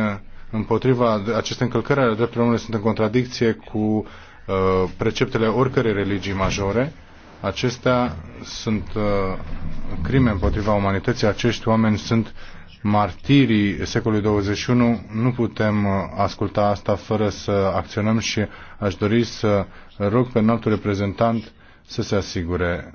împotriva, aceste încălcări ale drepturilor omului sunt în contradicție cu uh, preceptele oricărei religii majore. Acestea sunt crime împotriva umanității. Acești oameni sunt martirii secolului 21, nu putem asculta asta fără să acționăm și aș dori să rog pe înaltul reprezentant să se asigure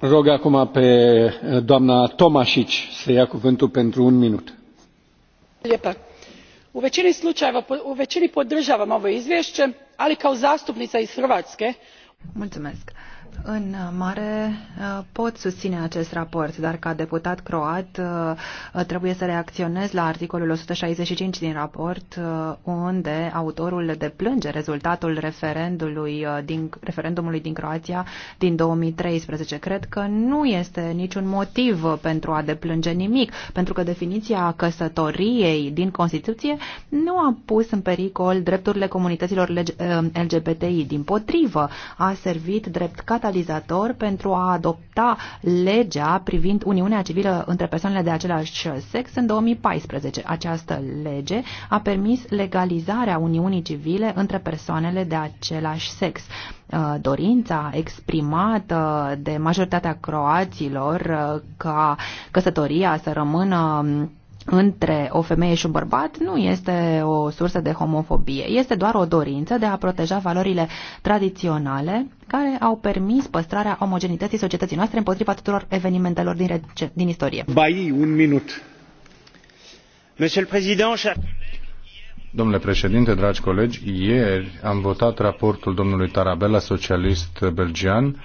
rog acum pe eh, să pentru un minut. u veini podravam ovo izvjee ali kao zastupnica iz hrvatske. În mare uh, pot susține acest raport, dar ca deputat croat uh, trebuie să reacționez la articolul 165 din raport, uh, unde autorul deplânge rezultatul referendului din, referendumului din Croația din 2013. Cred că nu este niciun motiv pentru a deplânge nimic, pentru că definiția căsătoriei din Constituție nu a pus în pericol drepturile comunităților LGBTI. Din potrivă, a servit drept catastrofă catalizator pentru a adopta legea privind Uniunea Civilă între persoanele de același sex în 2014. Această lege a permis legalizarea Uniunii Civile între persoanele de același sex. Uh, dorința exprimată de majoritatea croaților uh, ca căsătoria să rămână um, între o femeie și un bărbat nu este o sursă de homofobie, este doar o dorință de a proteja valorile tradiționale care au permis păstrarea omogenității societății noastre împotriva tuturor evenimentelor din, din istorie. Bai, un minut. Domnule președinte, dragi colegi, ieri am votat raportul domnului Tarabella, socialist belgian,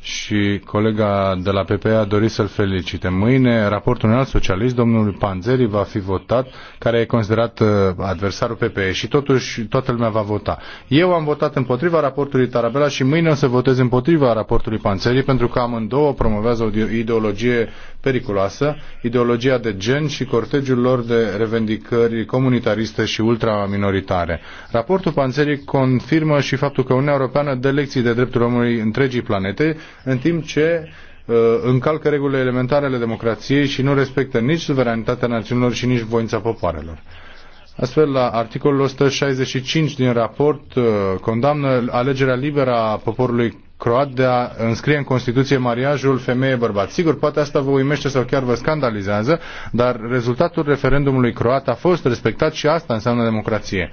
și colega de la PPE a dorit să-l felicite. Mâine, raportul unui alt socialist, domnul Panzeri, va fi votat, care e considerat uh, adversarul PPE și totuși toată lumea va vota. Eu am votat împotriva raportului Tarabela și mâine o să votez împotriva raportului Panzeri pentru că amândouă promovează o ideologie periculoasă, ideologia de gen și cortegiul lor de revendicări comunitariste și ultraminoritare. Raportul Panzeri confirmă și faptul că Uniunea Europeană dă lecții de dreptul omului întregii planete în timp ce uh, încalcă regulile elementare ale democrației și nu respectă nici suveranitatea națiunilor și nici voința popoarelor. Astfel, la articolul 165 din raport uh, condamnă alegerea liberă a poporului croat de a înscrie în Constituție mariajul femeie-bărbat. Sigur, poate asta vă uimește sau chiar vă scandalizează, dar rezultatul referendumului croat a fost respectat și asta înseamnă democrație.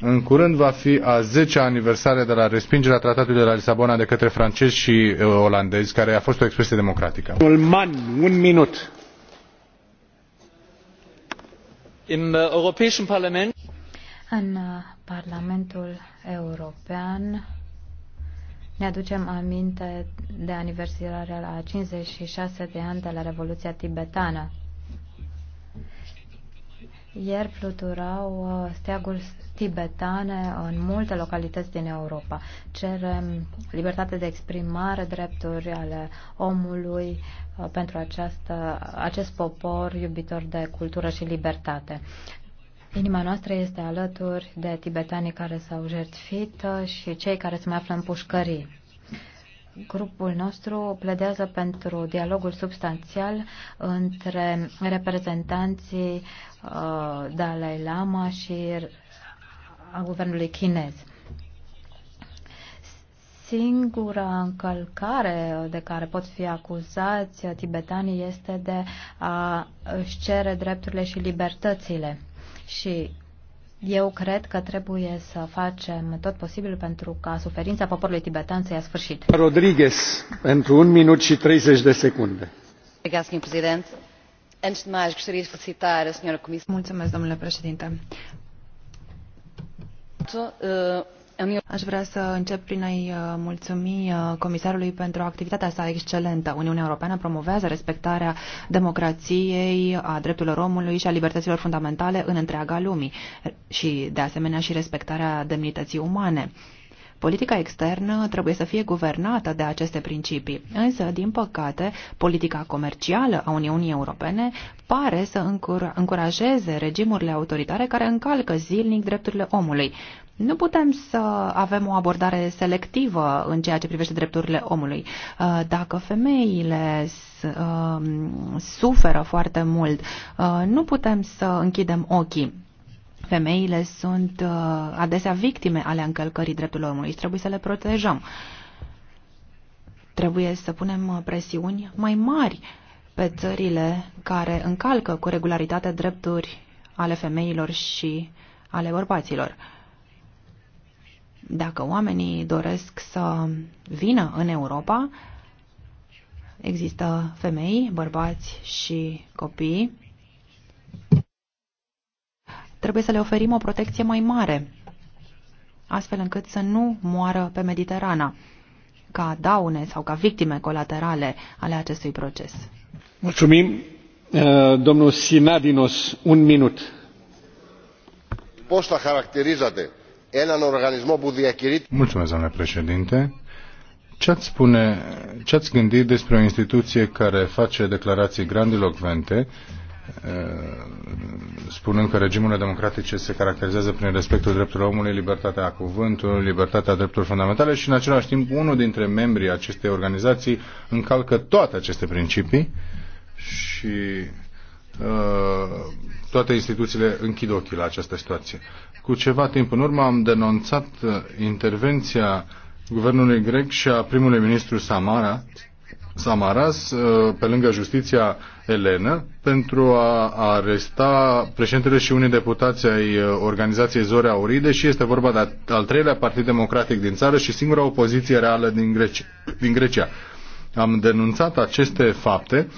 În curând va fi a 10-a aniversare de la respingerea tratatului de la Lisabona de către francezi și uh, olandezi, care a fost o expresie democratică. Ulman, un minut. În uh, European Parlament în uh, Parlamentul European ne aducem aminte de aniversarea la 56 de ani de la Revoluția Tibetană. Ieri fluturau uh, steagul tibetane în multe localități din Europa. Cerem libertate de exprimare, drepturi ale omului uh, pentru această, acest popor iubitor de cultură și libertate. Inima noastră este alături de tibetanii care s-au jertfit uh, și cei care se mai află în pușcării. Grupul nostru pledează pentru dialogul substanțial între reprezentanții uh, Dalai Lama și a guvernului chinez. Singura încălcare de care pot fi acuzați tibetanii este de a își cere drepturile și libertățile. Și eu cred că trebuie să facem tot posibilul pentru ca suferința poporului tibetan să ia sfârșit. Rodriguez, pentru un minut și 30 de secunde. Mulțumesc, domnule președinte Aș vrea să încep prin a-i uh, mulțumi uh, comisarului pentru activitatea sa excelentă. Uniunea Europeană promovează respectarea democrației, a drepturilor omului și a libertăților fundamentale în întreaga lumii și, de asemenea, și respectarea demnității umane. Politica externă trebuie să fie guvernată de aceste principii, însă, din păcate, politica comercială a Uniunii Europene pare să încurajeze regimurile autoritare care încalcă zilnic drepturile omului. Nu putem să avem o abordare selectivă în ceea ce privește drepturile omului. Uh, dacă femeile uh, suferă foarte mult, uh, nu putem să închidem ochii. Femeile sunt adesea victime ale încălcării drepturilor omului și trebuie să le protejăm. Trebuie să punem presiuni mai mari pe țările care încalcă cu regularitate drepturi ale femeilor și ale bărbaților. Dacă oamenii doresc să vină în Europa, există femei, bărbați și copii. Trebuie să le oferim o protecție mai mare, astfel încât să nu moară pe Mediterana, ca daune sau ca victime colaterale ale acestui proces. Mulțumim. Uh, domnul Sinadinos, un minut. Πώς caracterizate. Mulțumesc, domnule președinte. Ce ați spune, ce ați gândit despre o instituție care face declarații grandilocvente, eh, spunând că regimurile democratice se caracterizează prin respectul drepturilor omului, libertatea a cuvântului, libertatea drepturilor fundamentale și în același timp unul dintre membrii acestei organizații încalcă toate aceste principii și Uh, toate instituțiile închid ochii la această situație. Cu ceva timp în urmă am denunțat uh, intervenția guvernului grec și a primului ministru Samara, Samaras, uh, pe lângă justiția elenă, pentru a aresta președintele și unii deputați ai organizației Zorea Auride și este vorba de al treilea partid democratic din țară și singura opoziție reală din Greci, Din Grecia. Am denunțat aceste fapte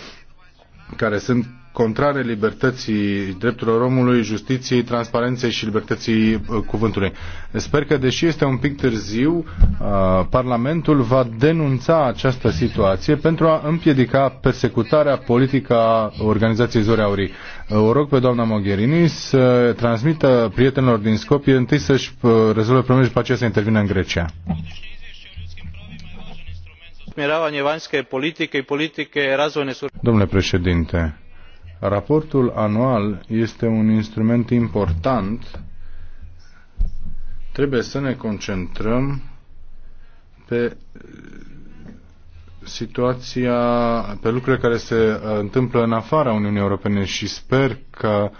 care sunt contrare libertății drepturilor omului, justiției, transparenței și libertății uh, cuvântului. Sper că, deși este un pic târziu, uh, Parlamentul va denunța această situație pentru a împiedica persecutarea politică a organizației Zori Aurii. Uh, o rog pe doamna Mogherini să transmită prietenilor din Scopie întâi să-și rezolve probleme și după aceea să intervină în Grecia domnule președinte Raportul anual este un instrument important. Trebuie să ne concentrăm pe eh, situația, pe lucrurile care se eh, întâmplă în afara Uniunii Europene și sper că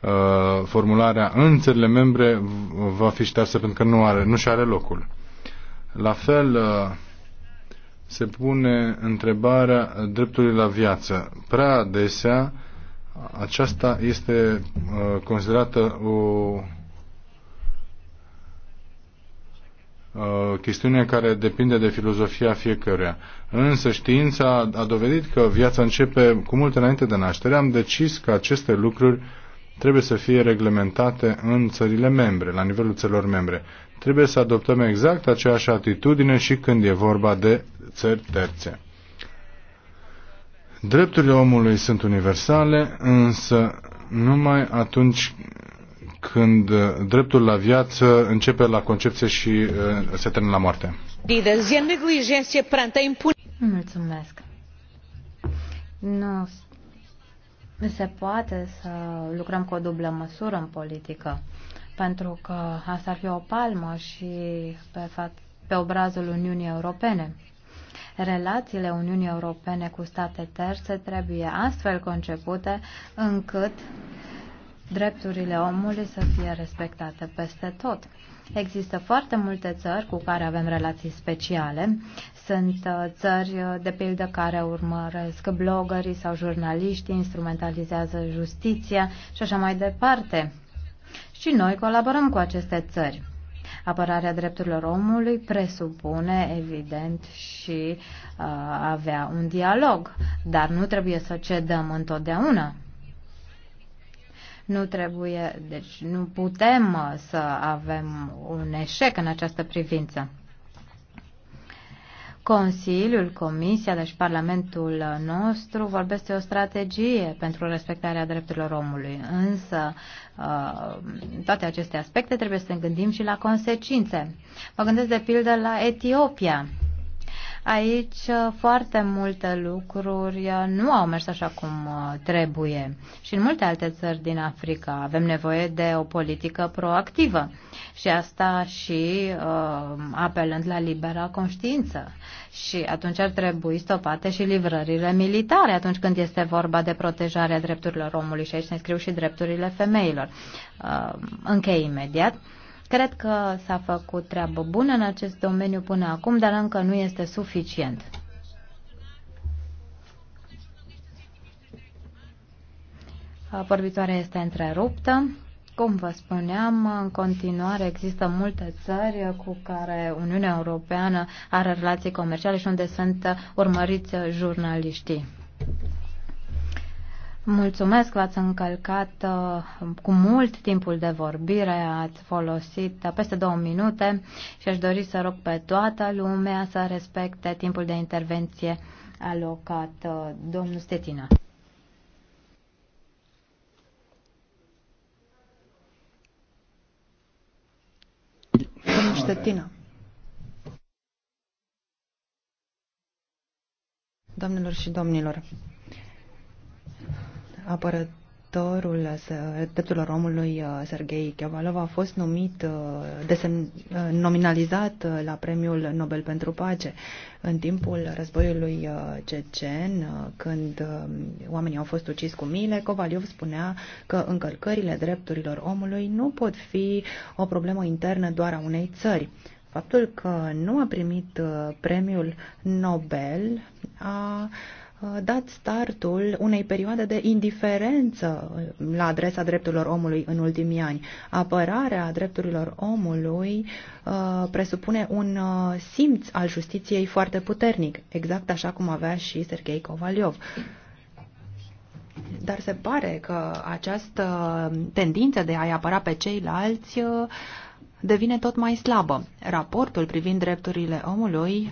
uh, formularea în țările membre va fi ștearsă pentru că nu, are, nu și are locul. La fel, uh, se pune întrebarea dreptului la viață. Prea adesea aceasta este uh, considerată o uh, chestiune care depinde de filozofia fiecăruia. Însă știința a dovedit că viața începe cu mult înainte de naștere. Am decis că aceste lucruri trebuie să fie reglementate în țările membre, la nivelul țărilor membre. Trebuie să adoptăm exact aceeași atitudine și când e vorba de țări terțe. Drepturile omului sunt universale, însă numai atunci când uh, dreptul la viață începe la concepție și uh, se termină la moarte. Mulțumesc. Nu se poate să lucrăm cu o dublă măsură în politică, pentru că asta ar fi o palmă și pe, fa- pe obrazul Uniunii Europene. Relațiile Uniunii Europene cu state terțe trebuie astfel concepute încât drepturile omului să fie respectate peste tot. Există foarte multe țări cu care avem relații speciale. Sunt uh, țări, uh, de pildă, care urmăresc blogării sau jurnaliștii, instrumentalizează justiția și așa mai departe. Și noi colaborăm cu aceste țări. Apărarea drepturilor omului presupune, evident, și uh, avea un dialog, dar nu trebuie să cedăm întotdeauna. Nu trebuie, deci nu putem uh, să avem un eșec în această privință. Consiliul, Comisia, deci Parlamentul nostru vorbesc de o strategie pentru respectarea drepturilor omului, însă uh, toate aceste aspecte trebuie să ne gândim și la consecințe. Mă gândesc de pildă la Etiopia, Aici uh, foarte multe lucruri uh, nu au mers așa cum uh, trebuie și în multe alte țări din Africa avem nevoie de o politică proactivă și asta și uh, apelând la libera conștiință. Și atunci ar trebui stopate și livrările militare atunci când este vorba de protejarea drepturilor omului și aici ne scriu și drepturile femeilor. Uh, închei imediat. Uh, Cred că s-a făcut treabă bună în acest domeniu până acum, dar încă nu este suficient. Vorbitoarea este întreruptă. Cum vă spuneam, în continuare există multe țări cu care Uniunea Europeană are relații comerciale și unde sunt urmăriți jurnaliștii. Mulțumesc că ați încălcat uh, cu mult timpul de vorbire, ați folosit uh, peste două minute și aș dori să rog pe toată lumea să respecte timpul de intervenție alocat. Uh, domnul Stetina. Domnul Stetina. Doamnelor și domnilor, apărătorul drepturilor omului uh, Sergei Kevalov a fost numit, uh, desen, uh, nominalizat la Premiul Nobel pentru Pace în timpul războiului cecen, când um, oamenii au fost ucis cu mile, Kovaliov spunea că încălcările drepturilor omului nu pot fi o problemă internă doar a unei țări. Faptul că nu a primit premiul Nobel a uh, Uh, dat startul unei perioade de indiferență uh, la adresa drepturilor omului în ultimii ani. Apărarea drepturilor omului uh, presupune un simț al justiției foarte puternic, exact așa cum avea și Sergei Kovaliov. Dar se pare că această tendință de a-i apăra pe ceilalți devine tot mai slabă. Raportul privind drepturile omului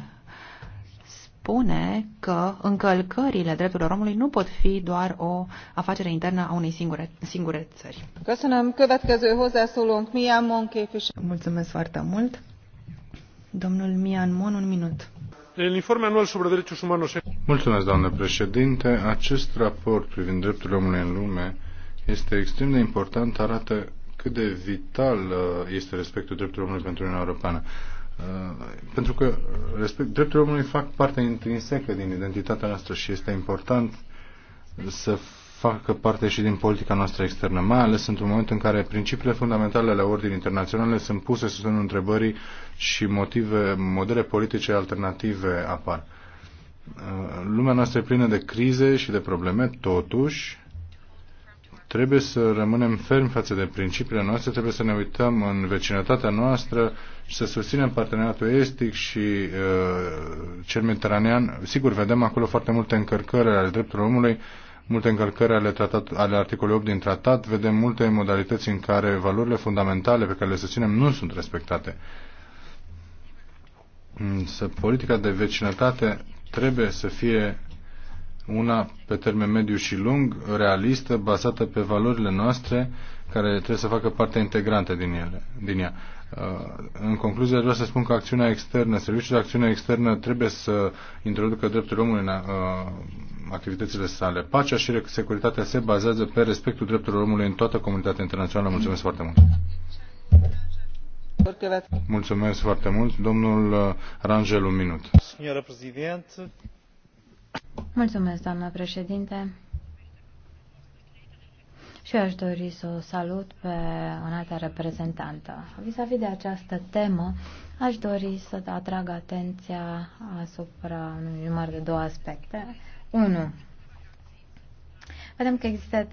spune că încălcările drepturilor omului nu pot fi doar o afacere internă a unei singure, singure țări. Mulțumesc foarte mult. Domnul Mian Mon, un minut. El informe anual sobre derechos humanos. Mulțumesc, doamnă președinte. Acest raport privind drepturile omului în lume este extrem de important, arată cât de vital uh, este respectul drepturilor omului pentru Uniunea Europeană. Uh, pentru că uh, respect, drepturile omului fac parte intrinsecă din identitatea noastră și este important să facă parte și din politica noastră externă, mai ales într-un moment în care principiile fundamentale ale ordinii internaționale sunt puse sub semnul întrebării și motive, modele politice alternative apar. Uh, lumea noastră e plină de crize și de probleme, totuși Trebuie să rămânem ferm față de principiile noastre, trebuie să ne uităm în vecinătatea noastră și să susținem parteneriatul estic și uh, cel mediteranean. Sigur, vedem acolo foarte multe încărcări ale drepturilor omului, multe încălcări ale, tratat, ale articolului 8 din tratat, vedem multe modalități în care valorile fundamentale pe care le susținem nu sunt respectate. Însă politica de vecinătate trebuie să fie una pe termen mediu și lung, realistă, bazată pe valorile noastre, care trebuie să facă parte integrantă din, ele, din ea. Uh, în concluzie, vreau să spun că acțiunea externă, serviciul de acțiune externă trebuie să introducă drepturile omului în uh, activitățile sale. Pacea și securitatea se bazează pe respectul drepturilor omului în toată comunitatea internațională. Mulțumesc foarte mult! Mulțumesc foarte mult, domnul uh, Rangel, un minut. Mulțumesc, doamnă președinte. Și eu aș dori să o salut pe altă reprezentantă. Vis-a-vis -vis de această temă, aș dori să atrag atenția asupra unui număr de două aspecte. 1. Vedem că există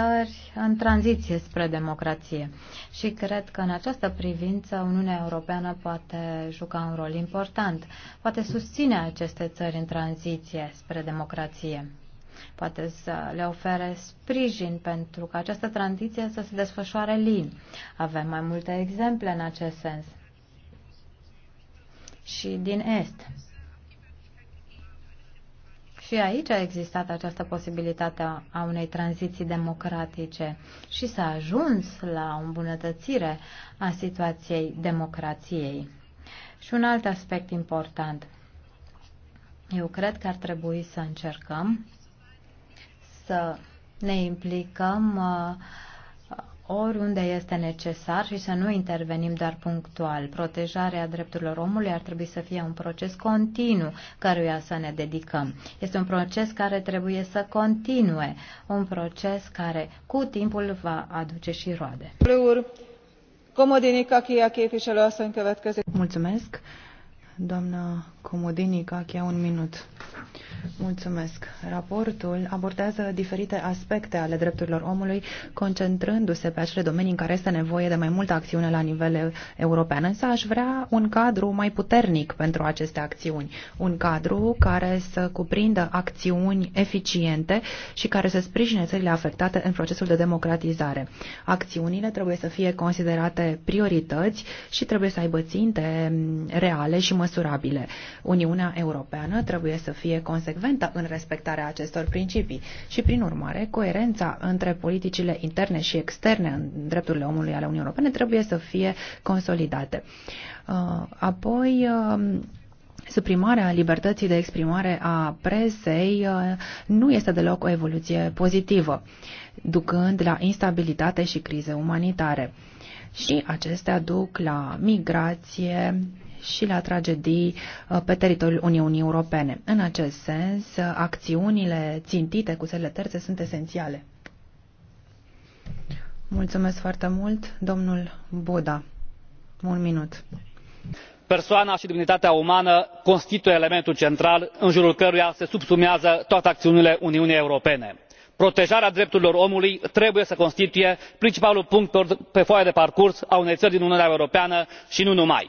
țări în tranziție spre democrație. Și cred că în această privință Uniunea Europeană poate juca un rol important, poate susține aceste țări în tranziție spre democrație. Poate să le ofere sprijin pentru că această tranziție să se desfășoare lin. Avem mai multe exemple în acest sens. Și din Est. Și aici a existat această posibilitate a unei tranziții democratice și s-a ajuns la o îmbunătățire a situației democrației. Și un alt aspect important. Eu cred că ar trebui să încercăm să ne implicăm uh, oriunde este necesar și să nu intervenim doar punctual. Protejarea drepturilor omului ar trebui să fie un proces continuu căruia să ne dedicăm. Este un proces care trebuie să continue, un proces care cu timpul va aduce și roade. Mulțumesc. Doamna Comodini, Cachia, un minut. Mulțumesc. Raportul abordează diferite aspecte ale drepturilor omului, concentrându-se pe acele domenii în care este nevoie de mai multă acțiune la nivel european. Însă aș vrea un cadru mai puternic pentru aceste acțiuni. Un cadru care să cuprindă acțiuni eficiente și care să sprijine țările afectate în procesul de democratizare. Acțiunile trebuie să fie considerate priorități și trebuie să aibă ținte reale și măsurabile. Uniunea Europeană trebuie să fie consecventă în respectarea acestor principii și, prin urmare, coerența între politicile interne și externe în drepturile omului ale Uniunii Europene trebuie să fie consolidate. Uh, apoi, uh, Suprimarea libertății de exprimare a presei uh, nu este deloc o evoluție pozitivă, ducând la instabilitate și crize umanitare. Și acestea duc la migrație, și la tragedii uh, pe teritoriul Uniunii Europene. În acest sens, uh, acțiunile țintite cu țările terțe sunt esențiale. Mulțumesc foarte mult, domnul Buda. Un minut. Persoana și dignitatea umană constituie elementul central în jurul căruia se subsumează toate acțiunile Uniunii Europene protejarea drepturilor omului trebuie să constituie principalul punct pe foaia de parcurs a unei țări din uniunea europeană și nu numai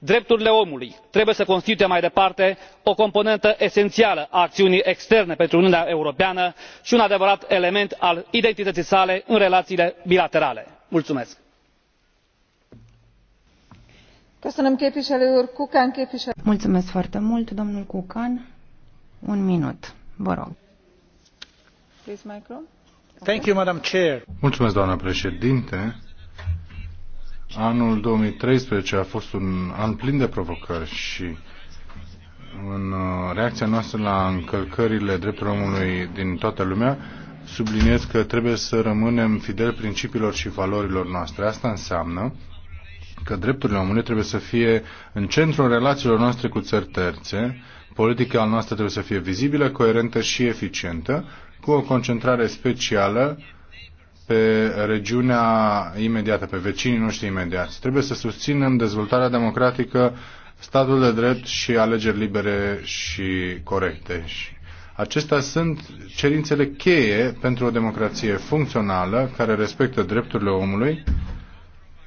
drepturile omului trebuie să constituie mai departe o componentă esențială a acțiunii externe pentru uniunea europeană și un adevărat element al identității sale în relațiile bilaterale. mulțumesc. mulțumesc foarte mult un minut vă rog. Mulțumesc, doamnă președinte Anul 2013 a fost un an plin de provocări și în uh, reacția noastră la încălcările drepturilor omului din toată lumea, subliniez că trebuie să rămânem fideli principiilor și valorilor noastre. Asta înseamnă că drepturile omului trebuie să fie în centrul relațiilor noastre cu țări terțe, politica noastră trebuie să fie vizibilă, coerentă și eficientă, cu o concentrare specială pe regiunea imediată, pe vecinii noștri imediați. Trebuie să susținem dezvoltarea democratică, statul de drept și alegeri libere și corecte. Acestea sunt cerințele cheie pentru o democrație funcțională care respectă drepturile omului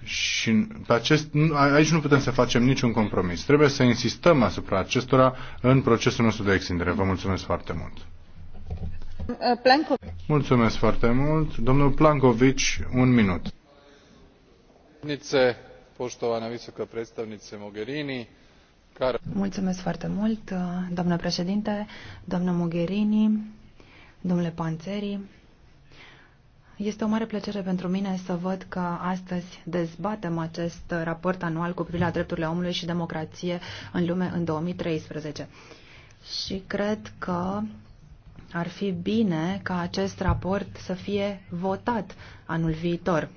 și pe acest, aici nu putem să facem niciun compromis. Trebuie să insistăm asupra acestora în procesul nostru de extindere. Vă mulțumesc foarte mult! Mulțumesc foarte mult. Domnul Planković, un minut. Poštovana visoka predstavnice Mogherini, care... Mulțumesc foarte mult, doamnă președinte, doamnă Mogherini, domnule Panțeri. Este o mare plăcere pentru mine să văd că astăzi dezbatem acest raport anual cu privire la drepturile omului și democrație în lume în 2013. Și cred că ar fi bine ca acest raport să fie votat anul viitor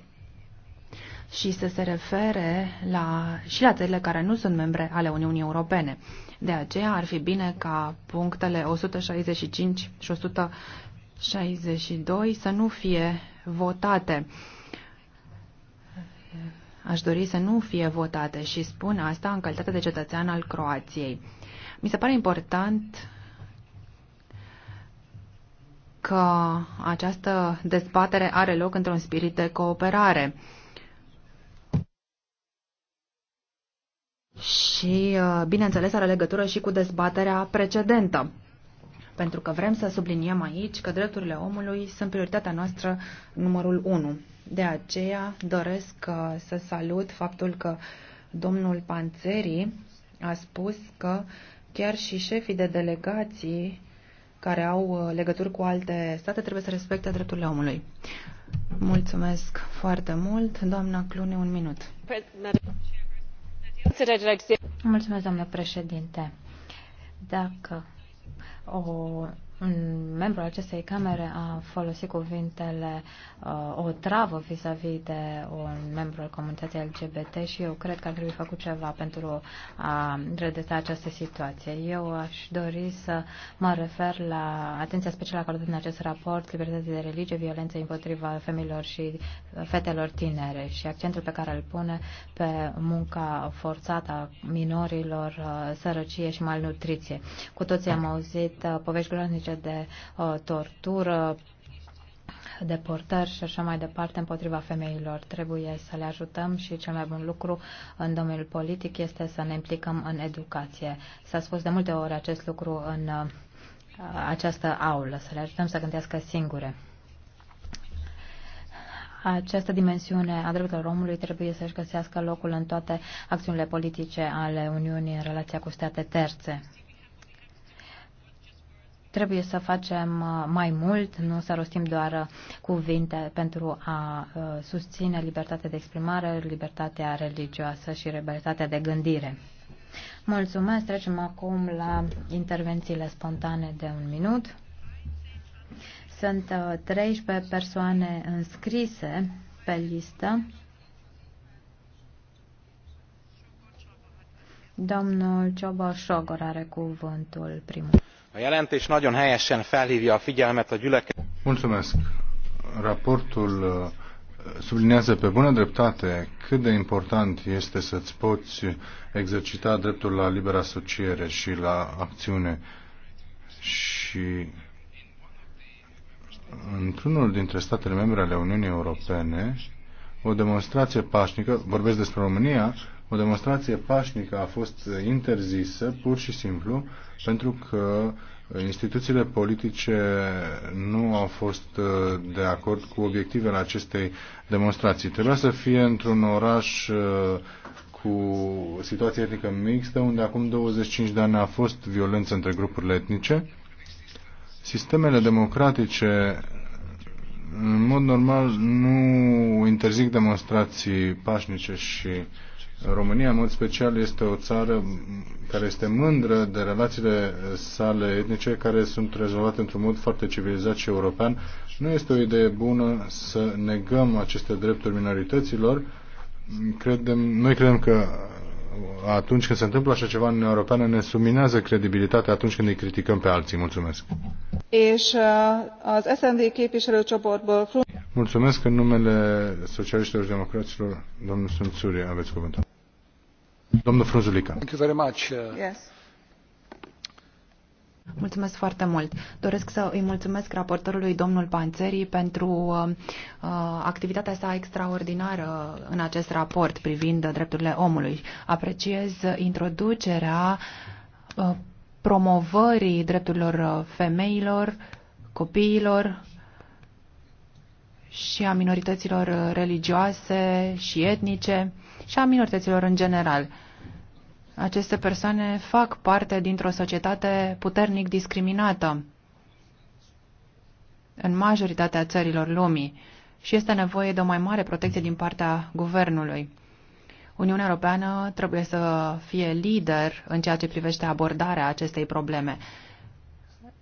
și să se refere la, și la țările care nu sunt membre ale Uniunii Europene. De aceea ar fi bine ca punctele 165 și 162 să nu fie votate. Aș dori să nu fie votate și spun asta în calitate de cetățean al Croației. Mi se pare important că această dezbatere are loc într-un spirit de cooperare. Și, uh, bineînțeles, are legătură și cu dezbaterea precedentă, pentru că vrem să subliniem aici că drepturile omului sunt prioritatea noastră numărul 1. De aceea doresc uh, să salut faptul că domnul Panțeri a spus că chiar și șefii de delegații care au uh, legături cu alte state trebuie să respecte drepturile omului. Mulțumesc foarte mult. Doamna Clune, un minut. Mulțumesc, doamnă președinte. Dacă o un membru al acestei camere a folosit cuvintele uh, o travă vis-a-vis -vis de un membru al comunității LGBT și eu cred că ar trebui făcut ceva pentru a redresa această situație. Eu aș dori să mă refer la atenția specială acordată în acest raport libertate de religie, violență împotriva femeilor și fetelor tinere și accentul pe care îl pune pe munca forțată a minorilor, uh, sărăcie și malnutriție. Cu toții am auzit uh, povești groaznice politice de uh, tortură, deportări și așa mai departe împotriva femeilor. Trebuie să le ajutăm și cel mai bun lucru în domeniul politic este să ne implicăm în educație. S-a spus de multe ori acest lucru în uh, această aulă, să le ajutăm să gândească singure. Această dimensiune a drepturilor omului trebuie să-și găsească locul în toate acțiunile politice ale Uniunii în relația cu state terțe. Trebuie să facem uh, mai mult, nu să rostim doar uh, cuvinte pentru a uh, susține libertatea de exprimare, libertatea religioasă și libertatea de gândire. Mulțumesc. Trecem acum la intervențiile spontane de un minut. Sunt 13 persoane înscrise pe listă. Domnul Cioba Șogor are cuvântul primul a jelentés nagyon helyesen felhvja a figyelmet a gyülekezetek raportul uh, pe bună dreptate cât de important este să exercita dreptul la și la acțiune. Și într-unul dintre statele membre ale Uniunii Europene, o demonstrație pașnică, despre o demonstrație pașnică a fost interzisă pur și simplu pentru că instituțiile politice nu au fost uh, de acord cu obiectivele acestei demonstrații. Trebuia să fie într-un oraș uh, cu situație etnică mixtă, unde acum 25 de ani a fost violență între grupurile etnice. Sistemele democratice în mod normal nu interzic demonstrații pașnice și uh, România, în mod special, este o țară care este mândră de relațiile sale etnice, care sunt rezolvate într-un mod foarte civilizat și european. Nu este o idee bună să negăm aceste drepturi minorităților. Credem, noi credem că atunci când se întâmplă așa ceva în Europeană, ne suminează credibilitatea atunci când îi criticăm pe alții. Mulțumesc. Uh, Mulțumesc în numele socialiștilor și democraților, domnul Sunțuri, aveți cuvântul. Uh, mulțumesc foarte mult. Doresc să îi mulțumesc raportorului domnul panzeri pentru uh, uh, activitatea sa extraordinară în acest raport privind drepturile omului. Apreciez introducerea promovării drepturilor femeilor, copiilor, și a minorităților uh, religioase și etnice și a minorităților în general. Aceste persoane fac parte dintr-o societate puternic discriminată în majoritatea țărilor lumii și este nevoie de o mai mare protecție din partea guvernului. Uniunea Europeană trebuie să fie lider în ceea ce privește abordarea acestei probleme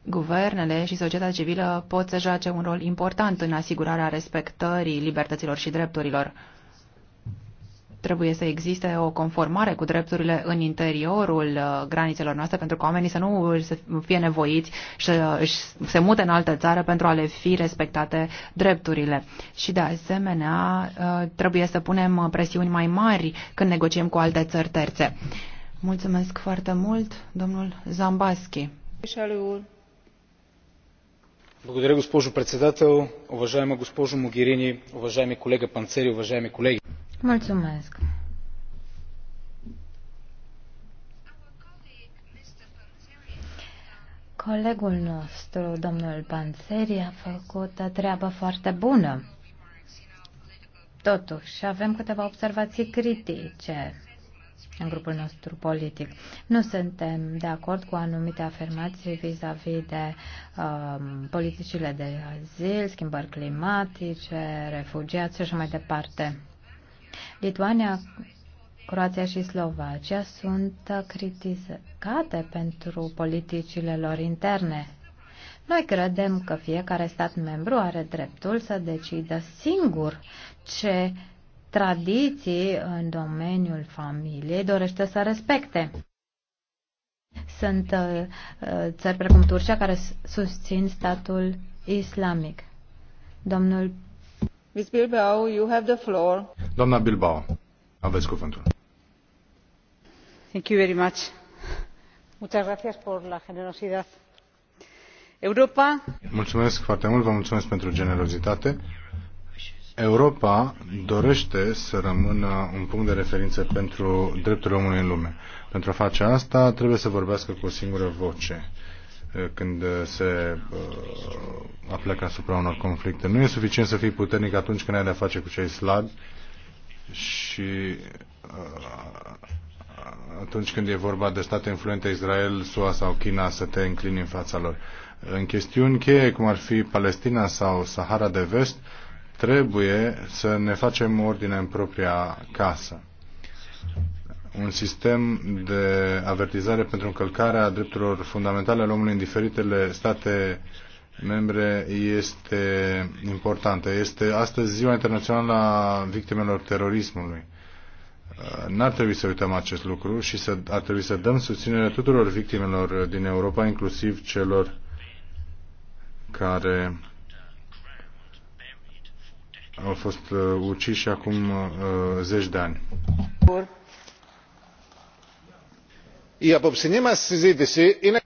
Guvernele și societatea civilă pot să joace un rol important în asigurarea respectării libertăților și drepturilor. Trebuie să existe o conformare cu drepturile în interiorul uh, granițelor noastre pentru că oamenii să nu fie nevoiți să uh, se mute în altă țară pentru a le fi respectate drepturile. Și de asemenea, uh, trebuie să punem presiuni mai mari când negociem cu alte țări terțe. Mulțumesc foarte mult, domnul Zambaschi. Благодаря, госпожо председател. Уважаема госпожо Могерини, уважаеми колега Панцери, уважаеми колеги. Mulțumesc. Colegul nostru, domnul Panțeri, a făcut o treabă foarte bună. Totuși, avem câteva observații critice în grupul nostru politic. Nu suntem de acord cu anumite afirmații vis-a-vis -vis de uh, politicile de azil, schimbări climatice, refugiați și așa mai departe. Lituania, Croația și Slovacia sunt criticate pentru politicile lor interne. Noi credem că fiecare stat membru are dreptul să decidă singur ce uh, tradiții în domeniul familiei dorește să respecte. Sunt uh, țări precum Turcia care susțin statul islamic. Domnul Miss Bilbao, you have the floor. Doamna Bilbao, aveți cuvântul. Thank you very much. Muchas gracias por la generosidad. Europa. Mulțumesc foarte mult, vă mulțumesc pentru generozitate. Europa dorește să rămână un punct de referință pentru drepturile omului în lume. Pentru a face asta, trebuie să vorbească cu o singură voce eh, când eh, se eh, aplică asupra unor conflicte. Nu e suficient să fii puternic atunci când ai de-a face cu cei slabi și atunci când e vorba de state influente, Israel, SUA sau China, să te înclini în fața lor. În chestiuni cheie, cum ar fi Palestina sau Sahara de Vest, uh, Trebuie să ne facem ordine în propria casă. Un sistem de avertizare pentru încălcarea drepturilor fundamentale ale omului în diferitele state membre este importantă. Este astăzi Ziua Internațională a Victimelor Terorismului. N-ar trebui să uităm acest lucru și să, ar trebui să dăm susținere tuturor victimelor din Europa, inclusiv celor care au fost uh, uciși acum uh, zeci de ani.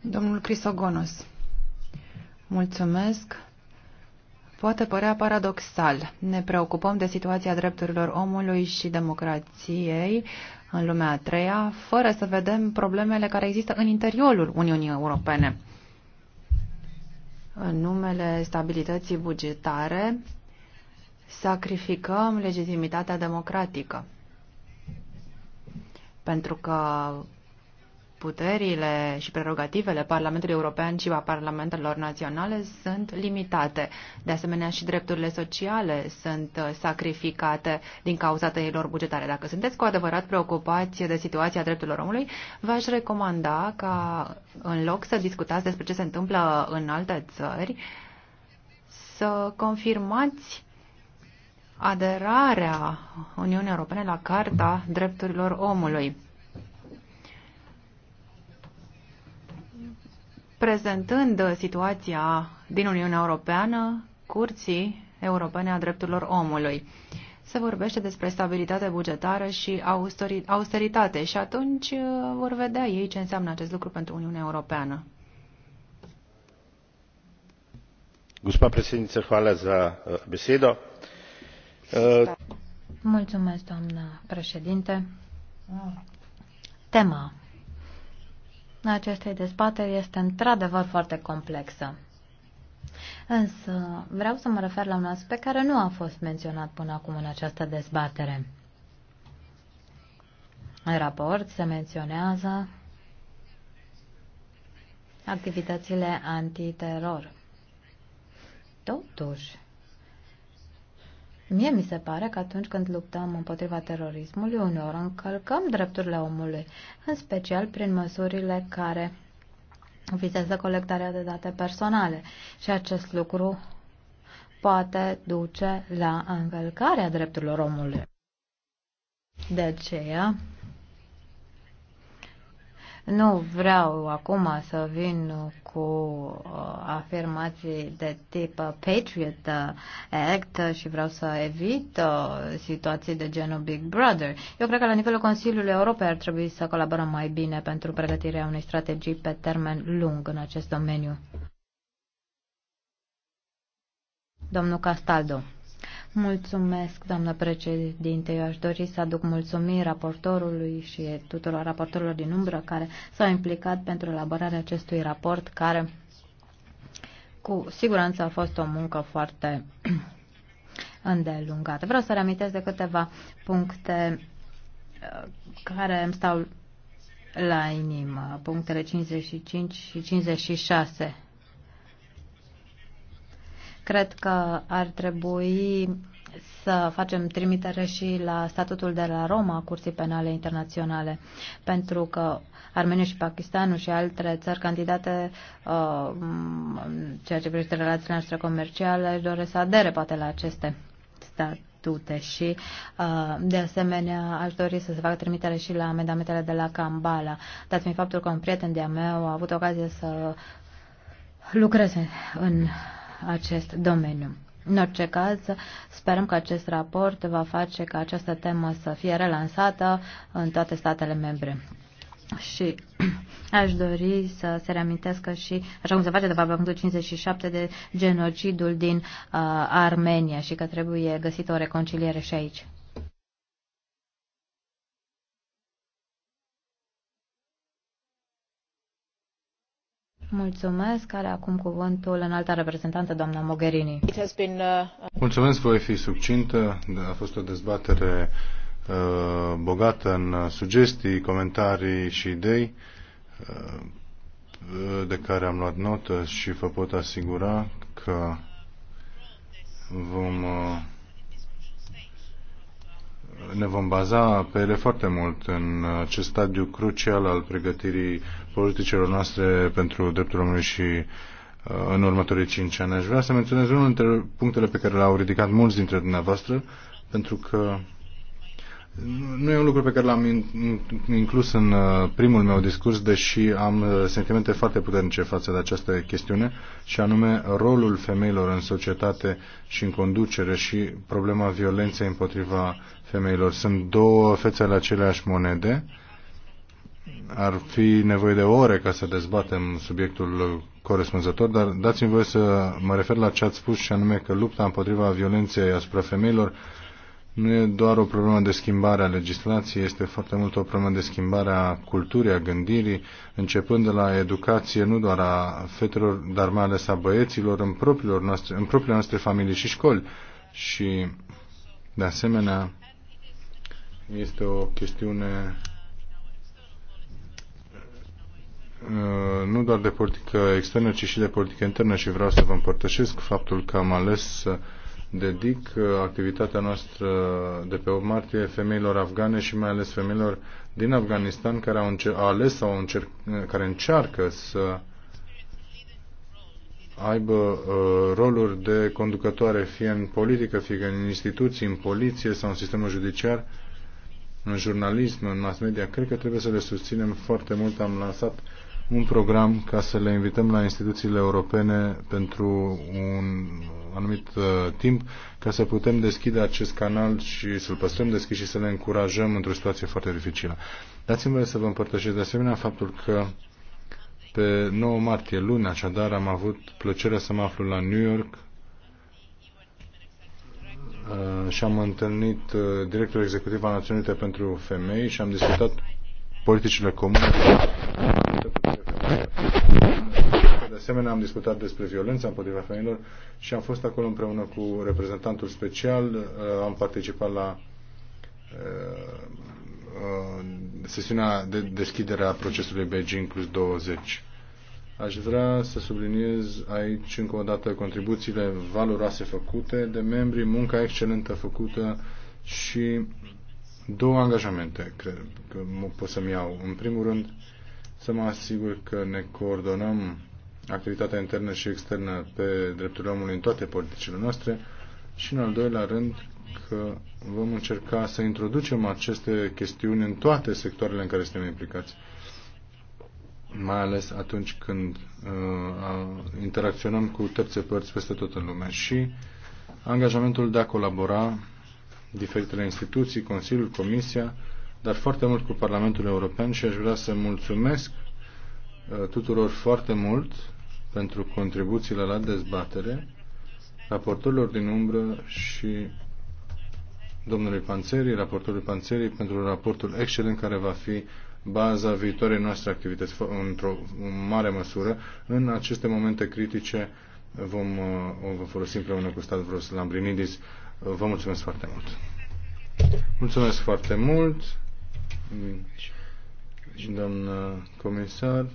Domnul Crisogonos, mulțumesc. Poate părea paradoxal. Ne preocupăm de situația drepturilor omului și democrației în lumea a treia, fără să vedem problemele care există în interiorul Uniunii Europene. În numele stabilității bugetare, sacrificăm legitimitatea democratică. Pentru că puterile și prerogativele Parlamentului European și a parlamentelor naționale sunt limitate. De asemenea, și drepturile sociale sunt sacrificate din cauza tăierilor bugetare. Dacă sunteți cu adevărat preocupați de situația drepturilor omului, v-aș recomanda ca, în loc să discutați despre ce se întâmplă în alte țări, să confirmați aderarea Uniunii Europene la Carta Drepturilor Omului. Prezentând situația din Uniunea Europeană, curții europene a drepturilor omului. Se vorbește despre stabilitate bugetară și austeritate și atunci uh, vor vedea ei ce înseamnă acest lucru pentru Uniunea Europeană. Gospa predsednica, hvala za uh, besedo. Mulțumesc, doamnă președinte. Tema acestei dezbateri este într-adevăr foarte complexă. Însă vreau să mă refer la un aspect care nu a fost menționat până acum în această dezbatere. În raport se menționează activitățile antiteror. Totuși, Mie mi se pare că atunci când luptăm împotriva terorismului, uneori încălcăm drepturile omului, în special prin măsurile care vizează colectarea de date personale. Și acest lucru poate duce la încălcarea drepturilor omului. De aceea, nu vreau acum să vin cu uh, afirmații de tip uh, Patriot uh, Act și vreau să evit situații de genul Big Brother. Eu cred că la nivelul Consiliului Europei ar trebui să colaborăm mai bine pentru pregătirea unei strategii pe termen lung în acest domeniu. Domnul Castaldo. Mulțumesc, doamnă președinte. Eu aș dori să aduc mulțumiri raportorului și tuturor raportorilor din umbră care s-au implicat pentru elaborarea acestui raport, care cu siguranță a fost o muncă foarte *clears throat* îndelungată. Vreau să reamintesc de câteva puncte uh, care îmi stau la inimă, punctele 55 și 56 Cred că ar trebui să facem trimitere și la statutul de la Roma a Curții Penale Internaționale, pentru că Armenia și Pakistanul și alte țări candidate, uh, ceea ce privește relațiile noastre comerciale, își doresc să adere poate la aceste statute și, uh, de asemenea, aș dori să se facă trimitere și la amendamentele de la Cambala, dat fiind faptul că un prieten de-a meu a avut ocazia să lucreze în acest domeniu. În orice caz, sperăm că acest raport va face ca această temă să fie relansată în toate statele membre. Și *clears throat* aș dori să se reamintească și, așa cum se face de fapt punctul 57, de genocidul din uh, Armenia și că trebuie găsită o reconciliere și aici. Mulțumesc. Care acum cuvântul în alta reprezentantă, doamna Mogherini. Been, uh... Mulțumesc, voi fi succintă. A fost o dezbatere uh, bogată în sugestii, comentarii și idei uh, de care am luat notă și vă pot asigura că vom uh, ne vom baza pe ele foarte mult în acest stadiu crucial al pregătirii politicilor noastre pentru dreptul omului și uh, în următorii cinci ani. Aș vrea să menționez unul dintre punctele pe care le-au ridicat mulți dintre dumneavoastră, pentru că nu e un lucru pe care l-am inclus în uh, primul meu discurs, deși am uh, sentimente foarte puternice față de această chestiune, și anume rolul femeilor în societate și în conducere și problema violenței împotriva femeilor. Sunt două fețe ale aceleași monede. Ar fi nevoie de ore ca să dezbatem subiectul corespunzător, dar dați-mi voie să mă refer la ce ați spus și anume că lupta împotriva violenței asupra femeilor nu e doar o problemă de schimbare a legislației, este foarte mult o problemă de schimbare a culturii, a gândirii, începând de la educație nu doar a fetelor, dar mai ales a băieților în, propriilor noastre, în propriile noastre familii și școli. Și, de asemenea, este o chestiune uh, nu doar de politică externă, ci și de politică internă și vreau să vă împărtășesc faptul că am ales să dedic uh, activitatea noastră de pe 8 martie femeilor afgane și mai ales femeilor din Afganistan care au ales sau au încerc, care încearcă să aibă uh, roluri de conducătoare fie în politică, fie în instituții, în poliție sau în sistemul judiciar, în jurnalism, în mass media. Cred că trebuie să le susținem foarte mult. Am lansat un program ca să le invităm la instituțiile europene pentru un anumit uh, timp ca să putem deschide acest canal și să-l păstrăm deschis și să le încurajăm într-o situație foarte dificilă. Dați-mi voie să vă împărtășesc de asemenea faptul că pe 9 martie, luni, așadar, am avut plăcerea să mă aflu la New York uh, și am întâlnit uh, directorul executiv al Națiunilor pentru Femei și am discutat politicile comune luptă cu femeie. De asemenea, am discutat despre violența împotriva femeilor și am fost acolo împreună cu reprezentantul special. Uh, am participat la uh, uh, sesiunea de deschidere a procesului Beijing plus 20. Aș vrea să subliniez aici încă o dată contribuțiile valoroase făcute de membri, munca excelentă făcută și două angajamente, cred că pot să-mi iau. În primul rând, să mă asigur că ne coordonăm activitatea internă și externă pe drepturile omului în toate politicile noastre și, în al doilea rând, că vom încerca să introducem aceste chestiuni în toate sectoarele în care suntem implicați, mai ales atunci când uh, interacționăm cu terțe părți peste tot în lume și angajamentul de a colabora diferitele instituții, Consiliul, Comisia, dar foarte mult cu Parlamentul European și aș vrea să mulțumesc uh, tuturor foarte mult pentru contribuțiile la dezbatere, raportorilor din umbră și domnului Panțerii, raportorului Panțerii, pentru raportul excelent care va fi baza viitoarei noastre activități într-o mare măsură. În aceste momente critice vom, vom uh, folosi împreună cu statul Vros Lambrinidis. Vă mulțumesc foarte mult! Mulțumesc foarte mult! și doamnă comisar.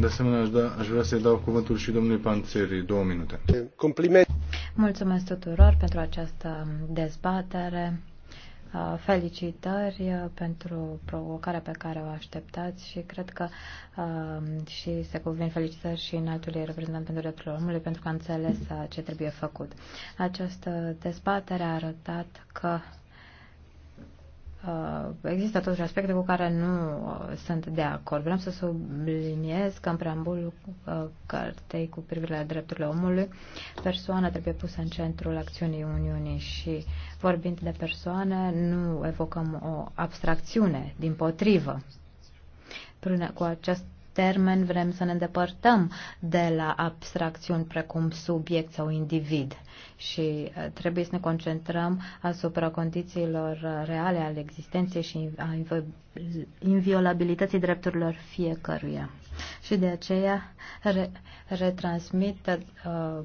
De asemenea, aș, da, aș vrea să-i dau cuvântul și domnului Panțeri, două minute. Compliment. Mulțumesc tuturor pentru această dezbatere. Uh, felicitări uh, pentru provocarea pe care o așteptați și cred că uh, și se cuvin felicitări și înaltului reprezentant pentru drepturile omului pentru că a înțeles ce trebuie făcut. Această dezbatere a arătat că Uh, există totuși aspecte cu care nu uh, sunt de acord. Vreau să subliniez că în preambulul uh, cartei cu privire la drepturile omului, persoana trebuie pusă în centrul acțiunii Uniunii și vorbind de persoane, nu evocăm o abstracțiune, din potrivă. Prin, cu acest termen vrem să ne îndepărtăm de la abstracțiuni precum subiect sau individ și uh, trebuie să ne concentrăm asupra condițiilor uh, reale ale existenței și a inviolabilității drepturilor fiecăruia. Și de aceea re, retransmit uh, uh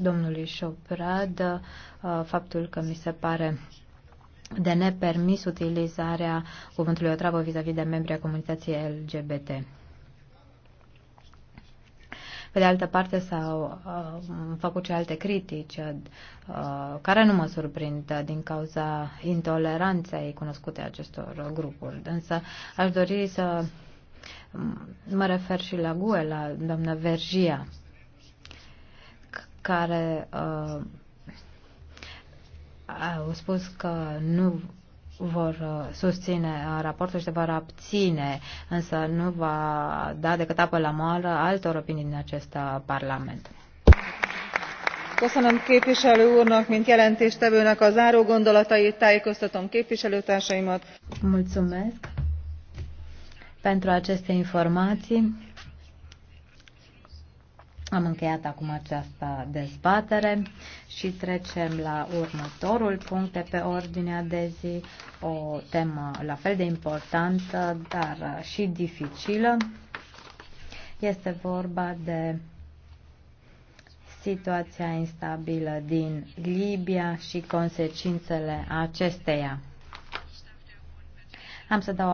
domnului Șoprad uh, faptul că mi se pare uh, de nepermis utilizarea cuvântului otravă vis-a-vis de membrii a comunității LGBT. Pe de altă parte s-au uh, făcut și alte critici uh, care nu mă surprind uh, din cauza intoleranței cunoscute acestor grupuri. Însă aș dori să mă refer și la GUE, la doamna Vergia, care uh, au spus că nu vor uh, susține uh, raportul și se vor abține, însă nu va da decât apă la moară altor opinii din acest uh, Parlament. Köszönöm képviselő úrnak, mint jelentéstevőnek a záró gondolatait, tájékoztatom képviselőtársaimat. Mulțumesc pentru aceste informații. Am încheiat acum această dezbatere și trecem la următorul punct de pe ordinea de zi, o temă la fel de importantă, dar și dificilă. Este vorba de situația instabilă din Libia și consecințele acesteia. Am să dau